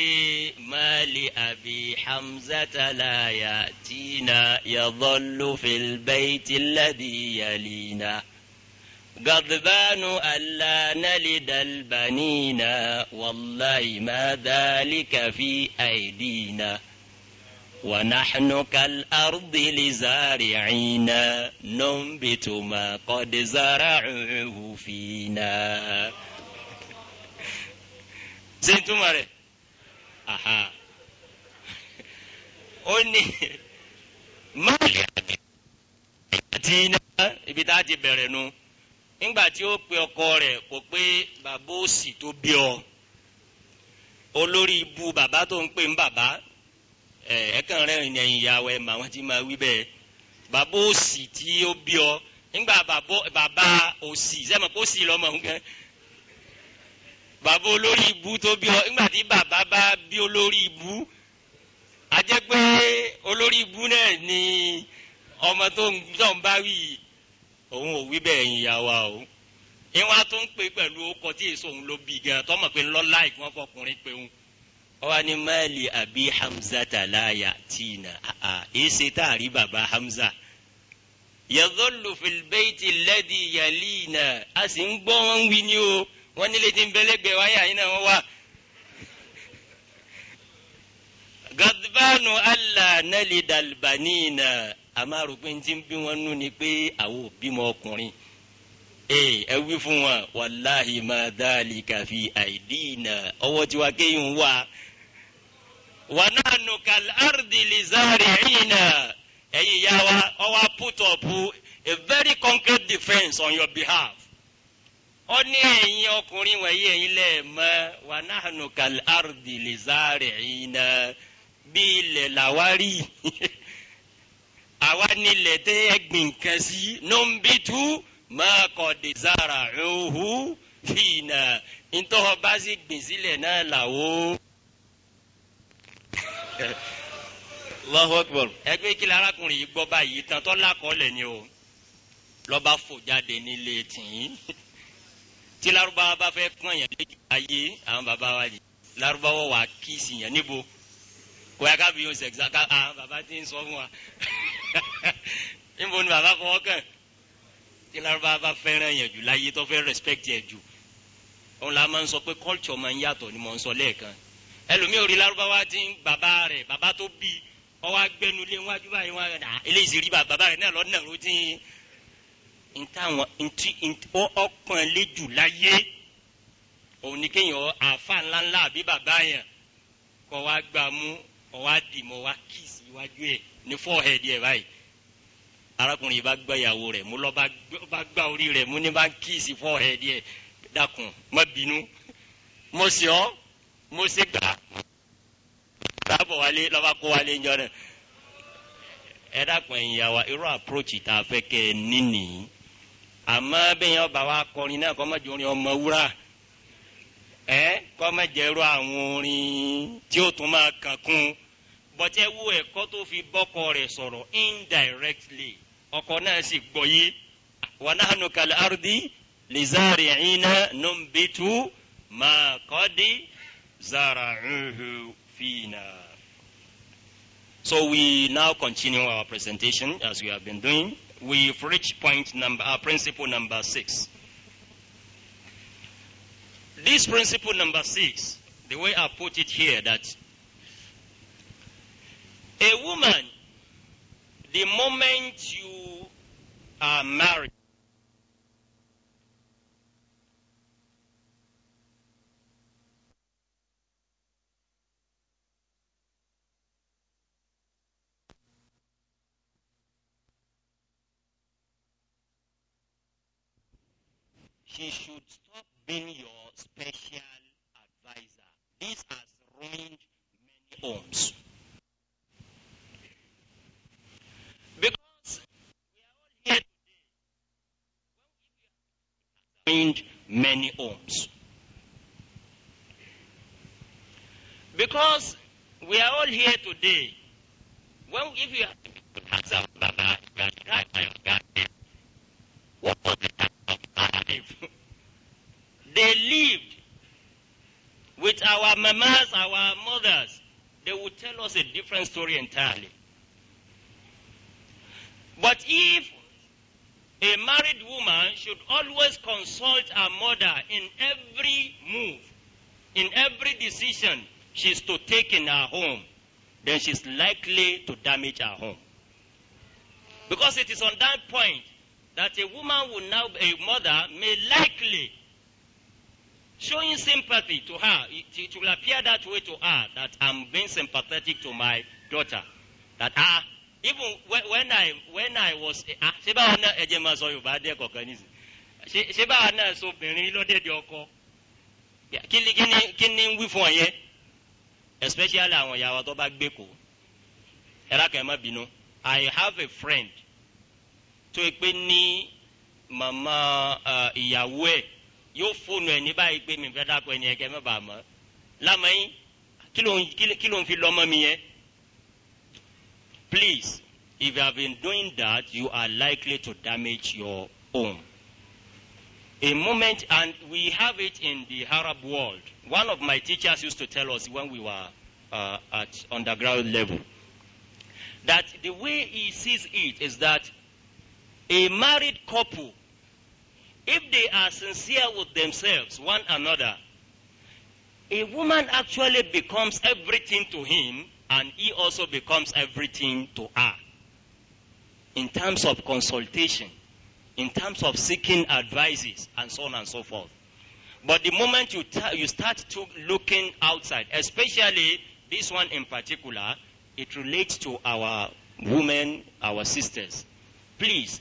máàlì àbí hamzata láàyà tìǹà yadhallu fil bayti alladhi غضبان ألا نلد البنين والله ما ذلك في أيدينا ونحن كالأرض لزارعينا ننبت ما قد زرعوه فينا ṣe túmọ̀ aha ó ní máàlì àbí àti ibi tá adi ti bẹ̀rẹ̀ nu nígbà tí ó pe ọkọ kò pé bàbá òsì tó bí ọ olórí ibu bàbá tó ń pè ń bàbá ẹ kàn rẹ ìyẹn ìyàwó ẹ wọn ti máa wí bẹ́ẹ̀ bàbá òsì tí ó bí ọ nígbà bàbá òsì kó sì bàbá olórí ibu tó bí ọ nígbà tí bàbá bá bí olórí ibu a jẹ́ pé olórí ibu náà ni ọmọ tó ń tó ń bá wí òun ò wí bẹ́ẹ̀ yín ya wa o ìwọ́n á tó ń pè pẹ̀lú ọkọ̀ tí èso òun ló bí gan tọ́mọ̀ pé ńlọ láì fọkùnrin pé òun ọwọ́ ni máàlì àbí hamza tàláyà tìǹà àà èsè táàrí bàbá hamza yàgò lòfìlbẹ́ẹ̀tì lẹ́dí yàlí náà a sì ń gbọ́ wọn wí ni o wọ́n nílé tí ń bẹ́lẹ́gbẹ̀ẹ́ wáyà yín náà wọ́n wà. gadbanu allah nali dalbanina amaru pé ti bí wọn nú ni pé àwọn òbí mọ ọkùnrin ẹ wí fún wọn wàláhi máa dáàlì kàfi àìdíìnà ọwọ́ tiwa kéyìn wà wà náà nù kàl árdìlì zárì yá wa ọwọ́ put up a very concrete defence on your behalf ó ní ẹ̀yin ọkùnrin wọ̀nyí ẹ̀yin lẹ̀ mọ́ wà náà nù kàlí àrùdì lè sáré yìí nà bí ilẹ̀ làwárí àwa nílẹ̀ tẹ́ ẹ gbìn kan sí nùbìtú máa kọ̀ dé sára òhù fìnà ntọ́ bá sì gbìn sílẹ̀ náà làwọ́. Allahu Akbar. ẹgbẹ́ kí lárakùnrin yìí gbọ́ báyìí tán tọ́lá kọ́ lẹ̀ o lọ́ba fò jáde nílé tìyín tí larubawa bá fẹ́ pọ́n yẹn lé ayé àwọn baba wa yìí larubawa wà kíìsì yẹn níbo kò yá kábíyó sẹ̀gísà ká àwọn baba ti ń sọ fún wa níbo ni baba fọwọ́ kàn tí larubawa bá fẹ́ràn yẹn jù láyé tó fẹ́ respect yẹn jù òun la máa ń sọ pé culture máa ń yàtọ̀ ni mò ń sọ lẹ́ẹ̀kan ẹlòmíì orí larubawa ti ń baba rẹ̀ baba tó bí ọwọ́ agbẹnulé wájú báyìí wọn eléyìí sì rí baba rẹ̀ náà lọ́nà ló ti ntáwọn ntí ọkàn lẹ́jù láyé òun ni kéèyàn àfa ńláńlá àbí bàbá yẹn kọ́ wa gbà mú ọ wa dì mọ́ wa kíìsì iwájú ẹ̀ ní fọ́ọ̀hẹ́dì ẹ̀ báyìí arákùnrin yìí bá gbá ìyàwó rẹ̀ mú lọ bá gbá orí rẹ̀ mú ní bá kíìsì fọ́ọ̀hẹ́dì ẹ̀ dákun má bínú mo sì ọ́ mo sì gbà tábọ̀ wálé lọ́ba kó wálé ńjọ náà ẹ dákun ẹ̀yìn yà wá irú àpòròchì tá a fẹ́ kẹ́ ẹ níní àmọ́ bẹ́ẹ̀ ọba wa kọrin náà kọ́ mọ́jọ ọmọ wúrà ẹ kọ́ mọ́jẹ̀rọ àwọn orin tí ó tún máa kàn kún bọ́tẹ́ wú ẹ̀kọ́ tó fi bọ́kọ rẹ̀ sọ̀rọ̀ indirectly ọkọ náà sì gbọ́ yé wọn náà nù kàlẹ́ àrùdí lizari ẹ̀yìnà nùbìtú máa kọ́ di zara fìnà. So we now continue our presentation as we have been doing. we've reached point number, uh, principle number six. This principle number six, the way I put it here, that a woman, the moment you are married, He should stop being your special advisor. This has ruined many homes. Because we are all here today, ruined many homes. Because we are all here today, well, if you have what was the active. They lived with our mamas, our mothers. They would tell us a different story entirely. But if a married woman should always consult her mother in every move, in every decision she's to take in her home, then she's likely to damage her home. Because it is on that point that a woman will now, a mother may likely showing sympathy to her, it, it, will appear that way to her that I'm being sympathetic to my daughter. That ah, even when, I when I was ah, ṣé báwa náà ẹ jẹ́ máa sọ Yorùbá díẹ̀ kọ̀ọ̀kan nísìn. Ṣé ṣé báwa náà so obìnrin lóde di ọkọ. Kíni kíni kíni ń wí fún ọ yẹn? Especially àwọn ìyàwó tó bá gbé kò. Ẹ rákẹ́ ẹ má bínú. I have a friend tó yẹ pé ní màmá ìyàwó ẹ̀ yóò fóònù ẹ̀ ní báyìí pé mi fẹ́ dákọ̀ ẹni ẹ̀kẹ́ mẹ́bàá mọ́ lámẹ́yìn kí ló ń fi lọ́mọ mi yẹn. Please, if you have been doing that, you are likely to damage your own. A moment, and we have it in the Arab world. One of my teachers used to tell us when we were uh, at underground level that the way he sees it is that a married couple, if they are sincere with themselves, one another, a woman actually becomes everything to him and he also becomes everything to her. In terms of consultation, in terms of seeking advices, and so on and so forth. But the moment you, you start to looking outside, especially this one in particular, it relates to our women, our sisters. Please,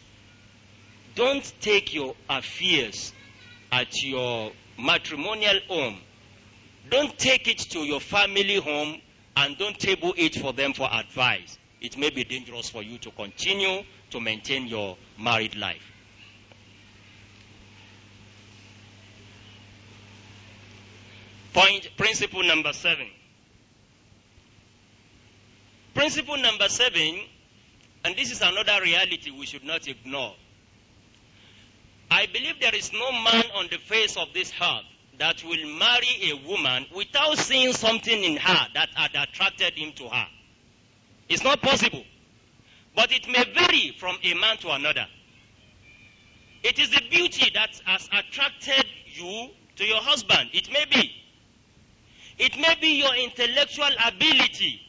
don't take your affairs at your matrimonial home. Don't take it to your family home and don't table it for them for advice. It may be dangerous for you to continue to maintain your married life. Point principle number seven. Principle number seven, and this is another reality we should not ignore. I believe there is no man on the face of this earth that will marry a woman without seeing something in her that had attracted him to her. It's not possible. But it may vary from a man to another. It is the beauty that has attracted you to your husband. It may be. It may be your intellectual ability.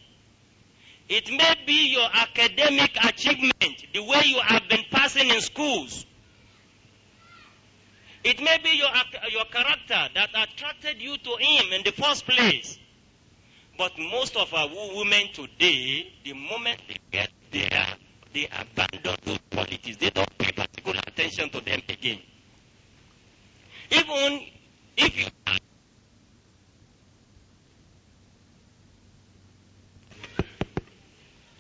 It may be your academic achievement, the way you have been passing in schools. It may be your, your character that attracted you to him in the first place. But most of our women today, the moment they get there, they abandon those qualities. They don't pay particular attention to them again. Even if you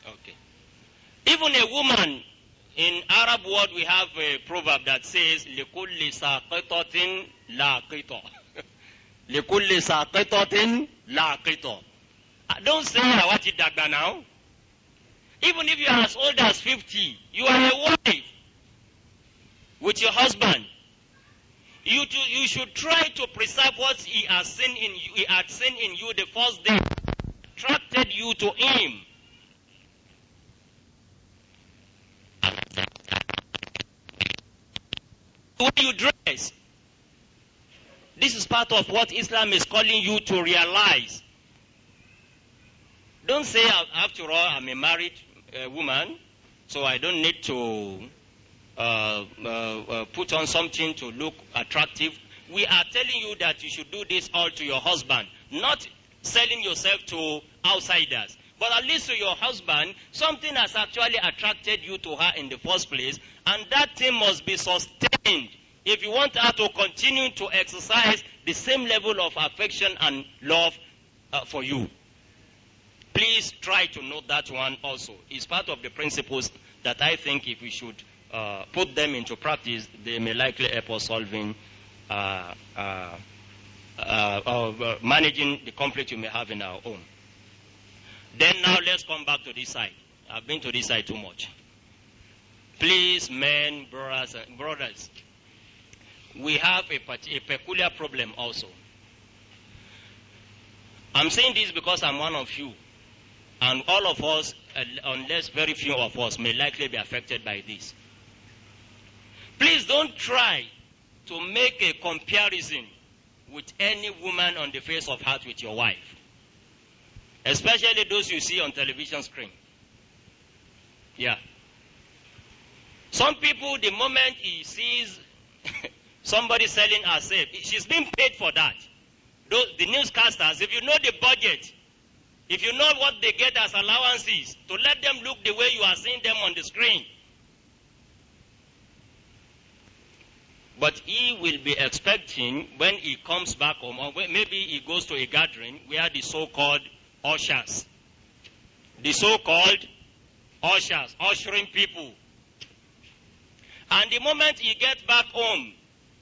okay. Even a woman In Arab world, we have a proverb that says, لِكُلِّ سَاقِطَةٍ لَاقِطَةٍ لِكُلِّ سَاقِطَةٍ لَاقِطَةٍ Don't say that what you dagba now. Even if you are as old as 50, you are a wife with your husband. You, to, you should try to preserve what he has seen in you, he had seen in you the first day, attracted you to him. way you dress. This is part of what Islam is calling you to realize. Don't say, after all, I'm a married uh, woman, so I don't need to uh, uh, uh, put on something to look attractive. We are telling you that you should do this all to your husband, not selling yourself to outsiders. but at least to your husband, something has actually attracted you to her in the first place, and that thing must be sustained if you want her to continue to exercise the same level of affection and love uh, for you. Please try to note that one also. It's part of the principles that I think if we should uh, put them into practice, they may likely help us solving uh, uh, uh, uh managing the conflict we may have in our own. Then now let's come back to this side. I've been to this side too much. Please, men, brothers, brothers, we have a, a peculiar problem also. I'm saying this because I'm one of you, and all of us, uh, unless very few of us, may likely be affected by this. Please don't try to make a comparison with any woman on the face of earth with your wife especially those you see on television screen. Yeah. Some people, the moment he sees somebody selling her safe, she's being paid for that. the newscasters, if you know the budget, if you know what they get as allowances, to let them look the way you are seeing them on the screen. But he will be expecting when he comes back home, or maybe he goes to a gathering where the so called ushers. The so-called ushers, ushering people. And the moment he gets back home,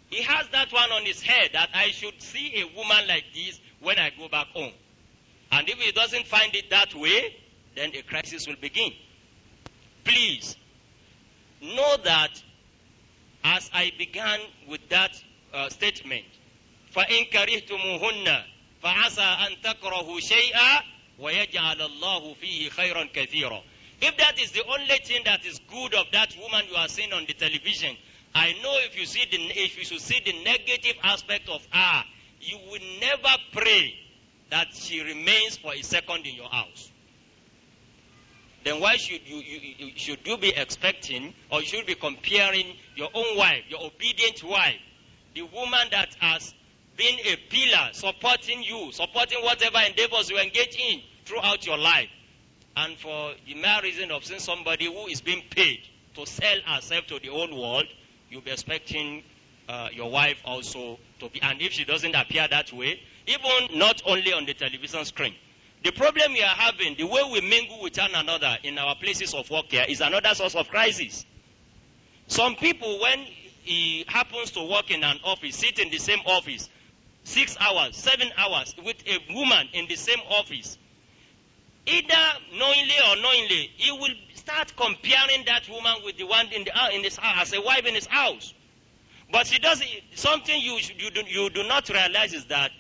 he has that one on his head that I should see a woman like this when I go back home. And if he doesn't find it that way, then a crisis will begin. Please, know that as I began with that uh, statement, فَإِن كَرِهْتُمُهُنَّ فعسى أن تكرهوا شيئا ويجعل الله فيه خيرا كثيرا If that is the only thing that is good of that woman you are seeing on the television, I know if you see the if you should see the negative aspect of her, you will never pray that she remains for a second in your house. Then why should you, you, you should you be expecting or you should be comparing your own wife, your obedient wife, the woman that has being a pillar, supporting you, supporting whatever endeavors you engage in throughout your life. And for the mere reason of seeing somebody who is being paid to sell herself to the whole world, you'll be expecting uh, your wife also to be. And if she doesn't appear that way, even not only on the television screen. The problem we are having, the way we mingle with one another in our places of work here, is another source of crisis. Some people, when he happens to work in an office, sit in the same office, six hours, seven hours with a woman in the same office, either knowingly or unknowingly, he will start comparing that woman with the one in, the, uh, in his house, uh, as a wife in his house. But she does something you, you, do, you do not realize is that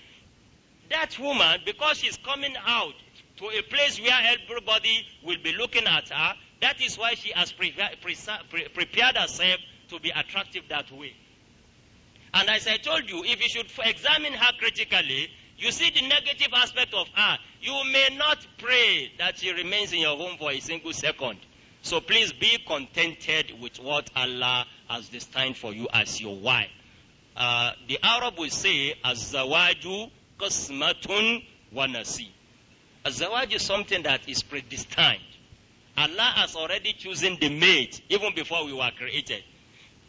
that woman, because she's coming out to a place where everybody will be looking at her, that is why she has prepared herself to be attractive that way. And as I told you, if you should examine her critically, you see the negative aspect of her. You may not pray that she remains in your home for a single second. So please be contented with what Allah has destined for you as your wife. Uh, the Arab will say, Azawaju qasmatun wa nasi. Azawaj is something that is predestined. Allah has already chosen the mate even before we were created.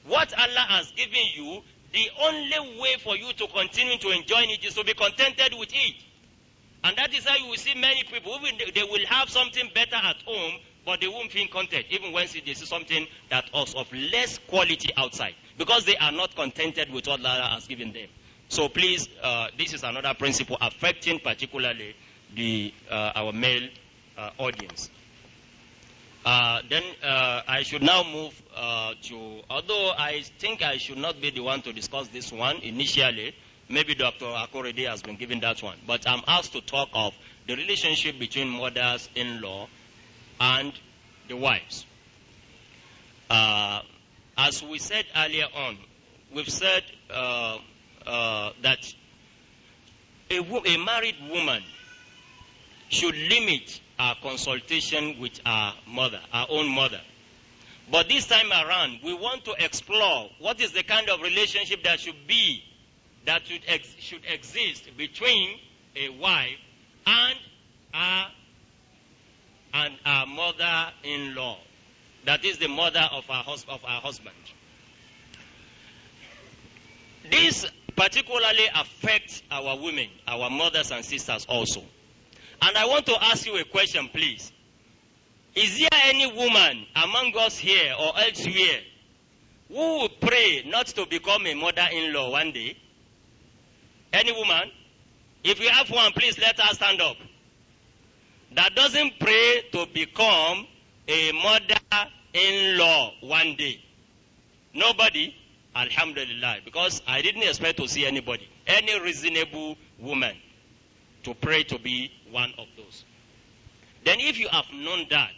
What Allah has given you, The only way for you to continue to enjoy it is to be contented with it. And that is how you will see many people, they will have something better at home, but they won't feel content, even when they see something that is of less quality outside, because they are not contented with what Allah has given them. So please, uh, this is another principle affecting particularly the, uh, our male uh, audience. Uh, then uh, I should now move uh, to, although I think I should not be the one to discuss this one initially, maybe Dr. Akorede has been given that one, but I'm asked to talk of the relationship between mothers in law and the wives. Uh, as we said earlier on, we've said uh, that a, a married woman should limit our consultation with our mother, our own mother. But this time around, we want to explore what is the kind of relationship that should be, that should, ex- should exist between a wife and our, and our mother-in-law. That is the mother of our, hus- of our husband. This particularly affects our women, our mothers and sisters also. And I want to ask you a question, please. Is there any woman among us here or elsewhere who would pray not to become a mother in law one day? Any woman? If you have one, please let her stand up. That doesn't pray to become a mother in law one day. Nobody? Alhamdulillah. Because I didn't expect to see anybody. Any reasonable woman. to pray to be one of those. Then, if you have known that,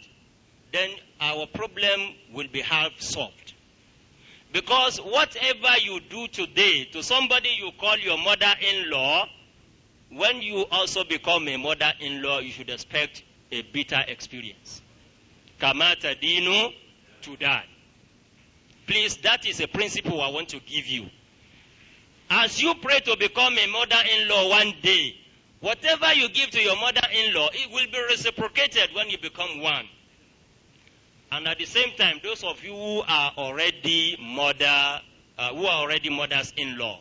then our problem will be half solved. Because whatever you do today to somebody you call your mother in law, when you also become a mother in law, you should expect a bitter experience. Kamata dinu to die. Please, that is a principle I want to give you. As you pray to become a mother in law one day, Whatever you give to your mother in law, it will be reciprocated when you become one. And at the same time, those of you who are already mother, uh, who are already mothers in law,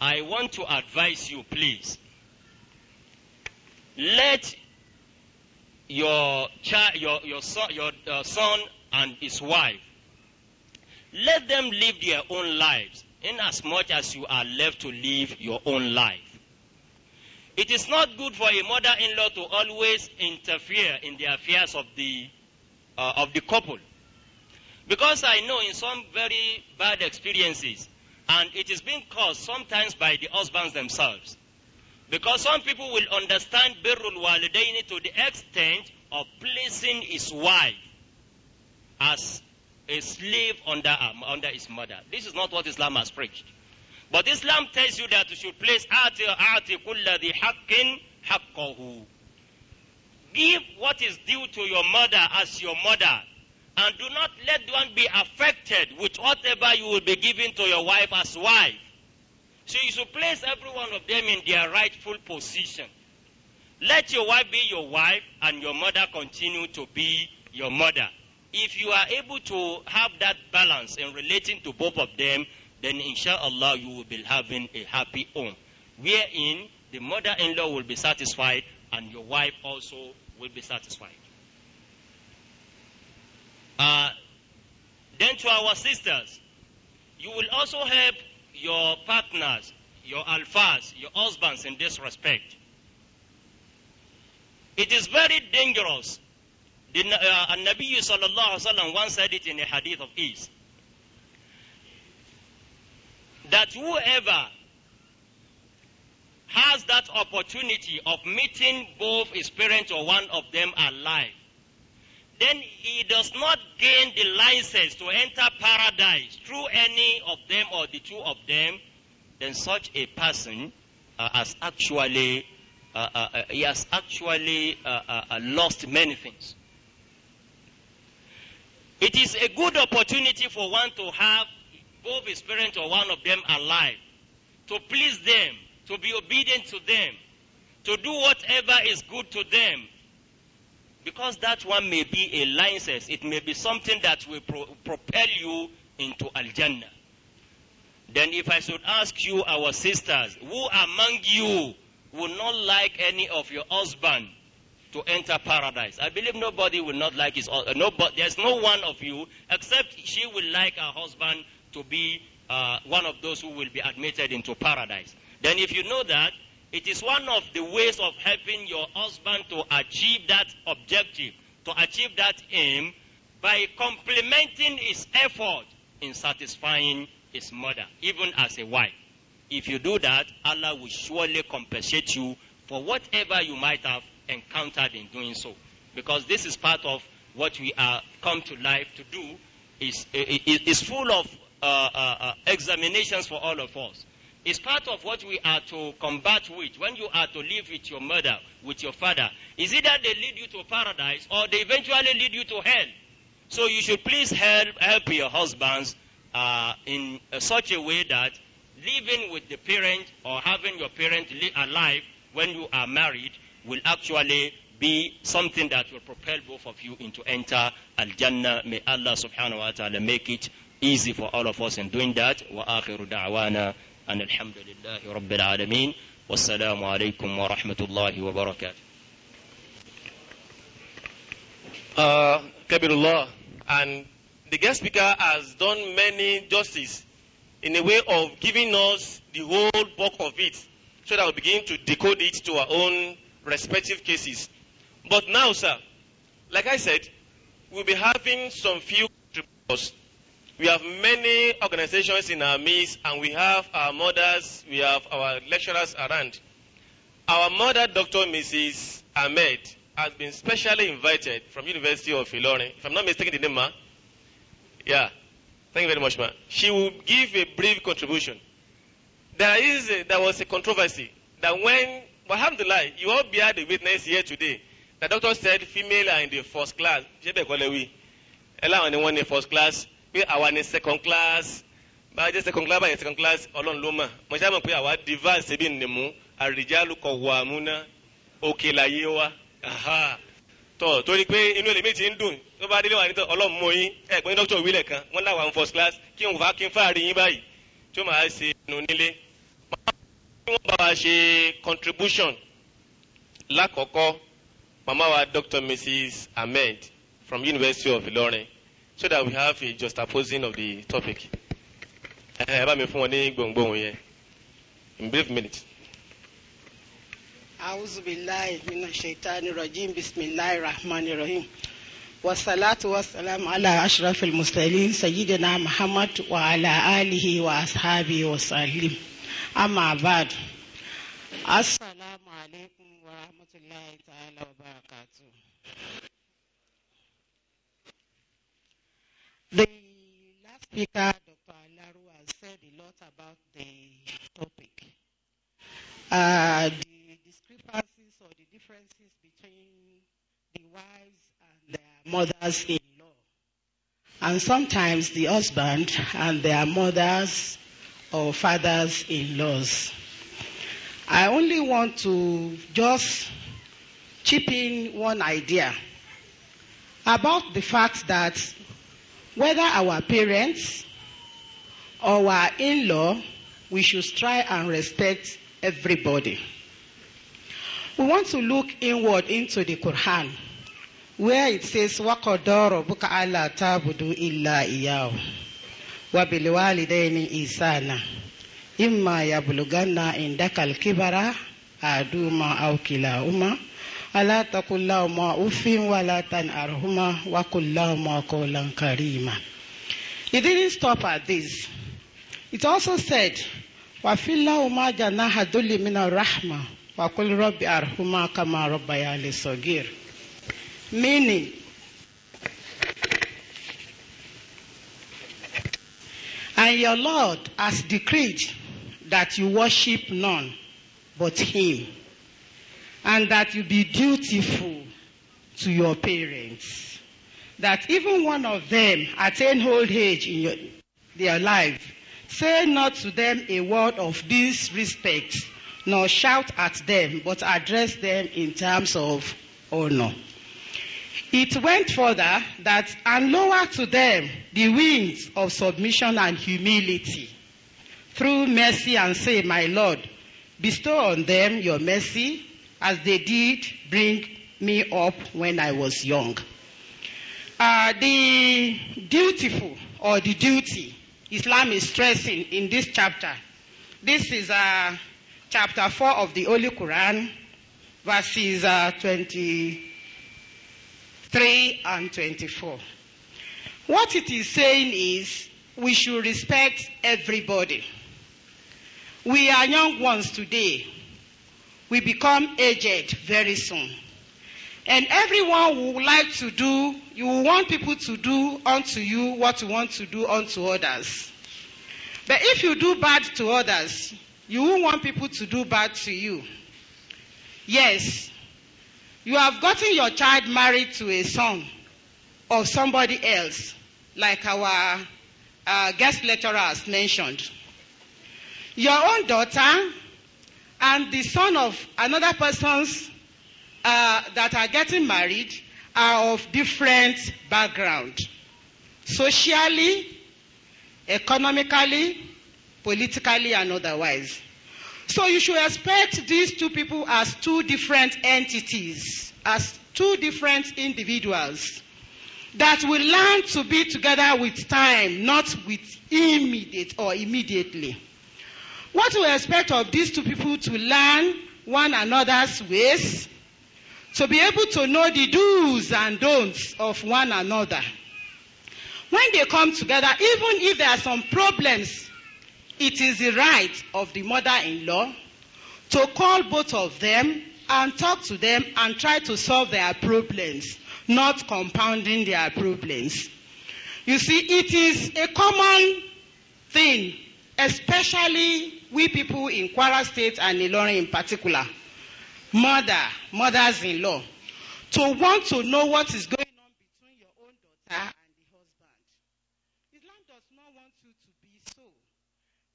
I want to advise you, please, let your child, your your son, your uh, son and his wife, let them live their own lives, in as much as you are left to live your own life. It is not good for a mother-in-law to always interfere in the affairs of the, uh, of the couple. Because I know in some very bad experiences, and it is being caused sometimes by the husbands themselves. Because some people will understand birrul walidaini to the extent of placing his wife as a slave under, um, under his mother. This is not what Islam has preached. But Islam tells you that you should place ati ati kulla the haqqin haqqahu. Give what is due to your mother as your mother, and do not let one be affected with whatever you will be giving to your wife as wife. So you should place every one of them in their rightful position. Let your wife be your wife and your mother continue to be your mother. If you are able to have that balance in relating to both of them, then inshallah you will be having a happy home, wherein the mother-in-law will be satisfied and your wife also will be satisfied. Uh, then to our sisters, you will also help your partners, your alfas, your husbands in this respect. It is very dangerous. The uh, Nabi sallallahu alaihi wasallam once said it in a hadith of ease that whoever has that opportunity of meeting both his parents or one of them alive, then he does not gain the license to enter paradise through any of them or the two of them, then such a person uh, has actually uh, uh, uh he has actually uh, uh, lost many things. It is a good opportunity for one to have both his parents or one of them alive, to please them, to be obedient to them, to do whatever is good to them. Because that one may be a license, it may be something that will pro- propel you into Al Jannah. Then, if I should ask you, our sisters, who among you would not like any of your husband to enter paradise? I believe nobody would not like his. Uh, nobody, there's no one of you except she will like her husband to be uh, one of those who will be admitted into paradise. Then, if you know that, it is one of the ways of helping your husband to achieve that objective, to achieve that aim, by complementing his effort in satisfying his mother, even as a wife. If you do that, Allah will surely compensate you for whatever you might have encountered in doing so. Because this is part of what we are come to life to do is, is, is full of uh, uh, uh, examinations for all of us. It's part of what we are to combat with. When you are to live with your mother, with your father, is either they lead you to paradise or they eventually lead you to hell. So you should please help, help your husbands uh, in such a way that living with the parent or having your parent alive when you are married will actually be something that will propel both of you into enter Al Jannah. May Allah subhanahu wa ta'ala make it easy for all of us in doing that. وآخر دعوانا أن الحمد لله رب العالمين والسلام عليكم ورحمة الله وبركاته. Uh, الله. and the guest speaker has done many justice in a way of giving us the whole bulk of it so that we begin to decode it to our own respective cases. But now, sir, like I said, we'll be having some few contributors we have many organizations in our midst, and we have our mothers, we have our lecturers around. Our mother, Dr. Mrs. Ahmed, has been specially invited from University of Ilorin. If I'm not mistaken, the name, ma. Yeah. Thank you very much, ma. She will give a brief contribution. There is, a, there was a controversy that when, lie. you all bear the witness here today. The doctor said female are in the first class. Jebe Kolewi. Ela ni first class. pé àwa ni second class bá a jẹ́ second class báyìí second class ọlọ́run ló mà mo ṣáà mọ̀ pé àwa divas ṣe bí nìmú àrìjálù kọ̀ wà mú ná òkè láyé wa tọ̀ torí pé inú ẹlẹ́mì ti ń dùn tó bá délé wà nítorí ọlọ́run mọ̀ yín ẹ̀gbọ́n dókítà wílẹ̀ kan wọ́n láwa ń first class kí n fa kí n fa rí yín báyìí tí ó máa ṣe inú nílé kí wọ́n bá wa ṣe contribution lákọ̀ọ́kọ́ mama wa Dr. Mrs. Ahmed from University of Ilorin so that we have a juxtaposing of the topic. ẹ bá mi fún wọn ní gbòǹgbòǹ yẹn in brief minute. أعوذ بالله من الشيطان الرجيم بسم الله الرحمن الرحيم والصلاة والسلام على أشرف المرسلين سيدنا محمد وعلى آله وأصحابه وسلم أما بعد السلام عليكم ورحمة الله تعالى وبركاته Speaker, Dr. Alaru, has said a lot about the topic. Uh, the discrepancies or the differences between the wives and their mothers in law. And sometimes the husband and their mothers or fathers in laws. I only want to just chip in one idea about the fact that Whether our parents or our in-law, we should try and respect everybody. We want to look inward into the Quran where it says wakodoro buka ala tabudu illa iyahu wabiliwalidaini isana imma yabluganna indakal kibara aduma au kilauma ألا تقل لهما أف ولا تنهرهما وقل لهما قولا كريما It didn't stop at this. It also said, وَفِي لَهُمَا جَنَاحَ ذُلِّ مِنَ الرَّحْمَةِ وَقُلْ رَبِّ أَرْحُمَا كَمَا رَبَّيَانِ صَغِيرًا Meaning, And your Lord has decreed that you worship none but Him. and that you be dutiful to your parents. That even one of them attain old age in your, their life, say not to them a word of disrespect, nor shout at them, but address them in terms of honor. It went further that, and lower to them the wings of submission and humility. Through mercy and say, My Lord, bestow on them your mercy as they did bring me up when I was young. Uh, the dutiful or the duty Islam is stressing in this chapter. This is uh, chapter 4 of the Holy Quran, verses uh, 23 and 24. What it is saying is we should respect everybody. We are young ones today We become aged very soon. And everyone would like to do, you want people to do unto you what you want to do unto others. But if you do bad to others, you won't want people to do bad to you. Yes, you have gotten your child married to a son or somebody else, like our uh, guest lecturer has mentioned. Your own daughter and the son of another person's uh, that are getting married are of different background, socially, economically, politically, and otherwise. So you should expect these two people as two different entities, as two different individuals that will learn to be together with time, not with immediate or immediately. What we expect of these two people to learn one another's ways, to be able to know the do's and don'ts of one another. When they come together, even if there are some problems, it is the right of the mother-in-law to call both of them and talk to them and try to solve their problems, not compounding their problems. You see, it is a common thing, especially we people in Kwara State and Ilorin in particular, mother, mothers-in-law, to want to know what is going on between your own daughter and the husband. Islam does not want you to be so.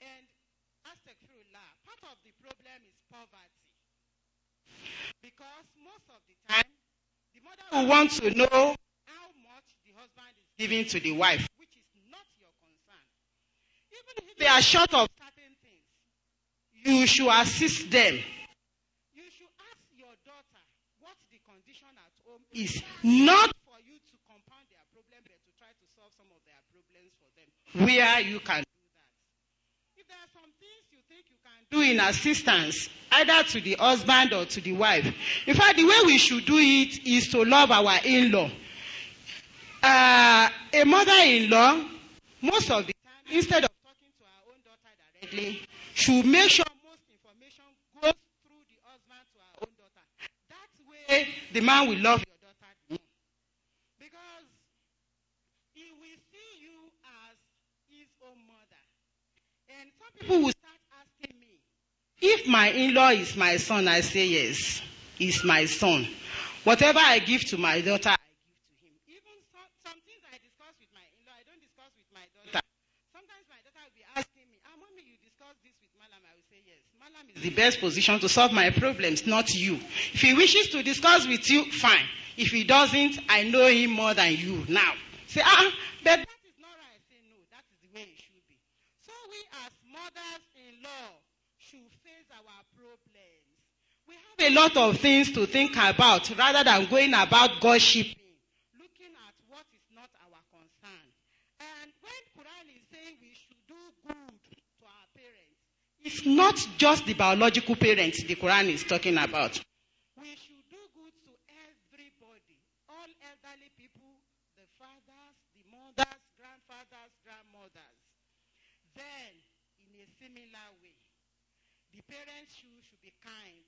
And astaghfirullah, part of the problem is poverty. Because most of the time, the mother will want to know how much the husband is giving to the wife, which is not your concern. Even if they are short of time, you should assist them. You should ask your daughter what the condition at home is, not for you to compound their problem, but to try to solve some of their problems for them. Where you can do that. If there are some things you think you can do in assistance, either to the husband or to the wife. In fact, the way we should do it is to love our in law. Uh, a mother in law, most of the time, instead of talking to her own daughter directly, should make sure the man will love your daughter more. Because he will see you as his own mother. And some people will start asking me, if my in-law is my son, I say yes, he's my son. Whatever I give to my daughter, the best position to solve my problems, not you. If he wishes to discuss with you, fine. If he doesn't, I know him more than you now. Say, ah, but that is not right. I say, no, that is the way it should be. So we as mothers-in-law should face our problems. We have a lot of things to think about rather than going about gossiping. It's not just the biological parents the Quran is talking about. We should do good to everybody, all elderly people, the fathers, the mothers, grandfathers, grandmothers. Then, in a similar way, the parents should, should be kind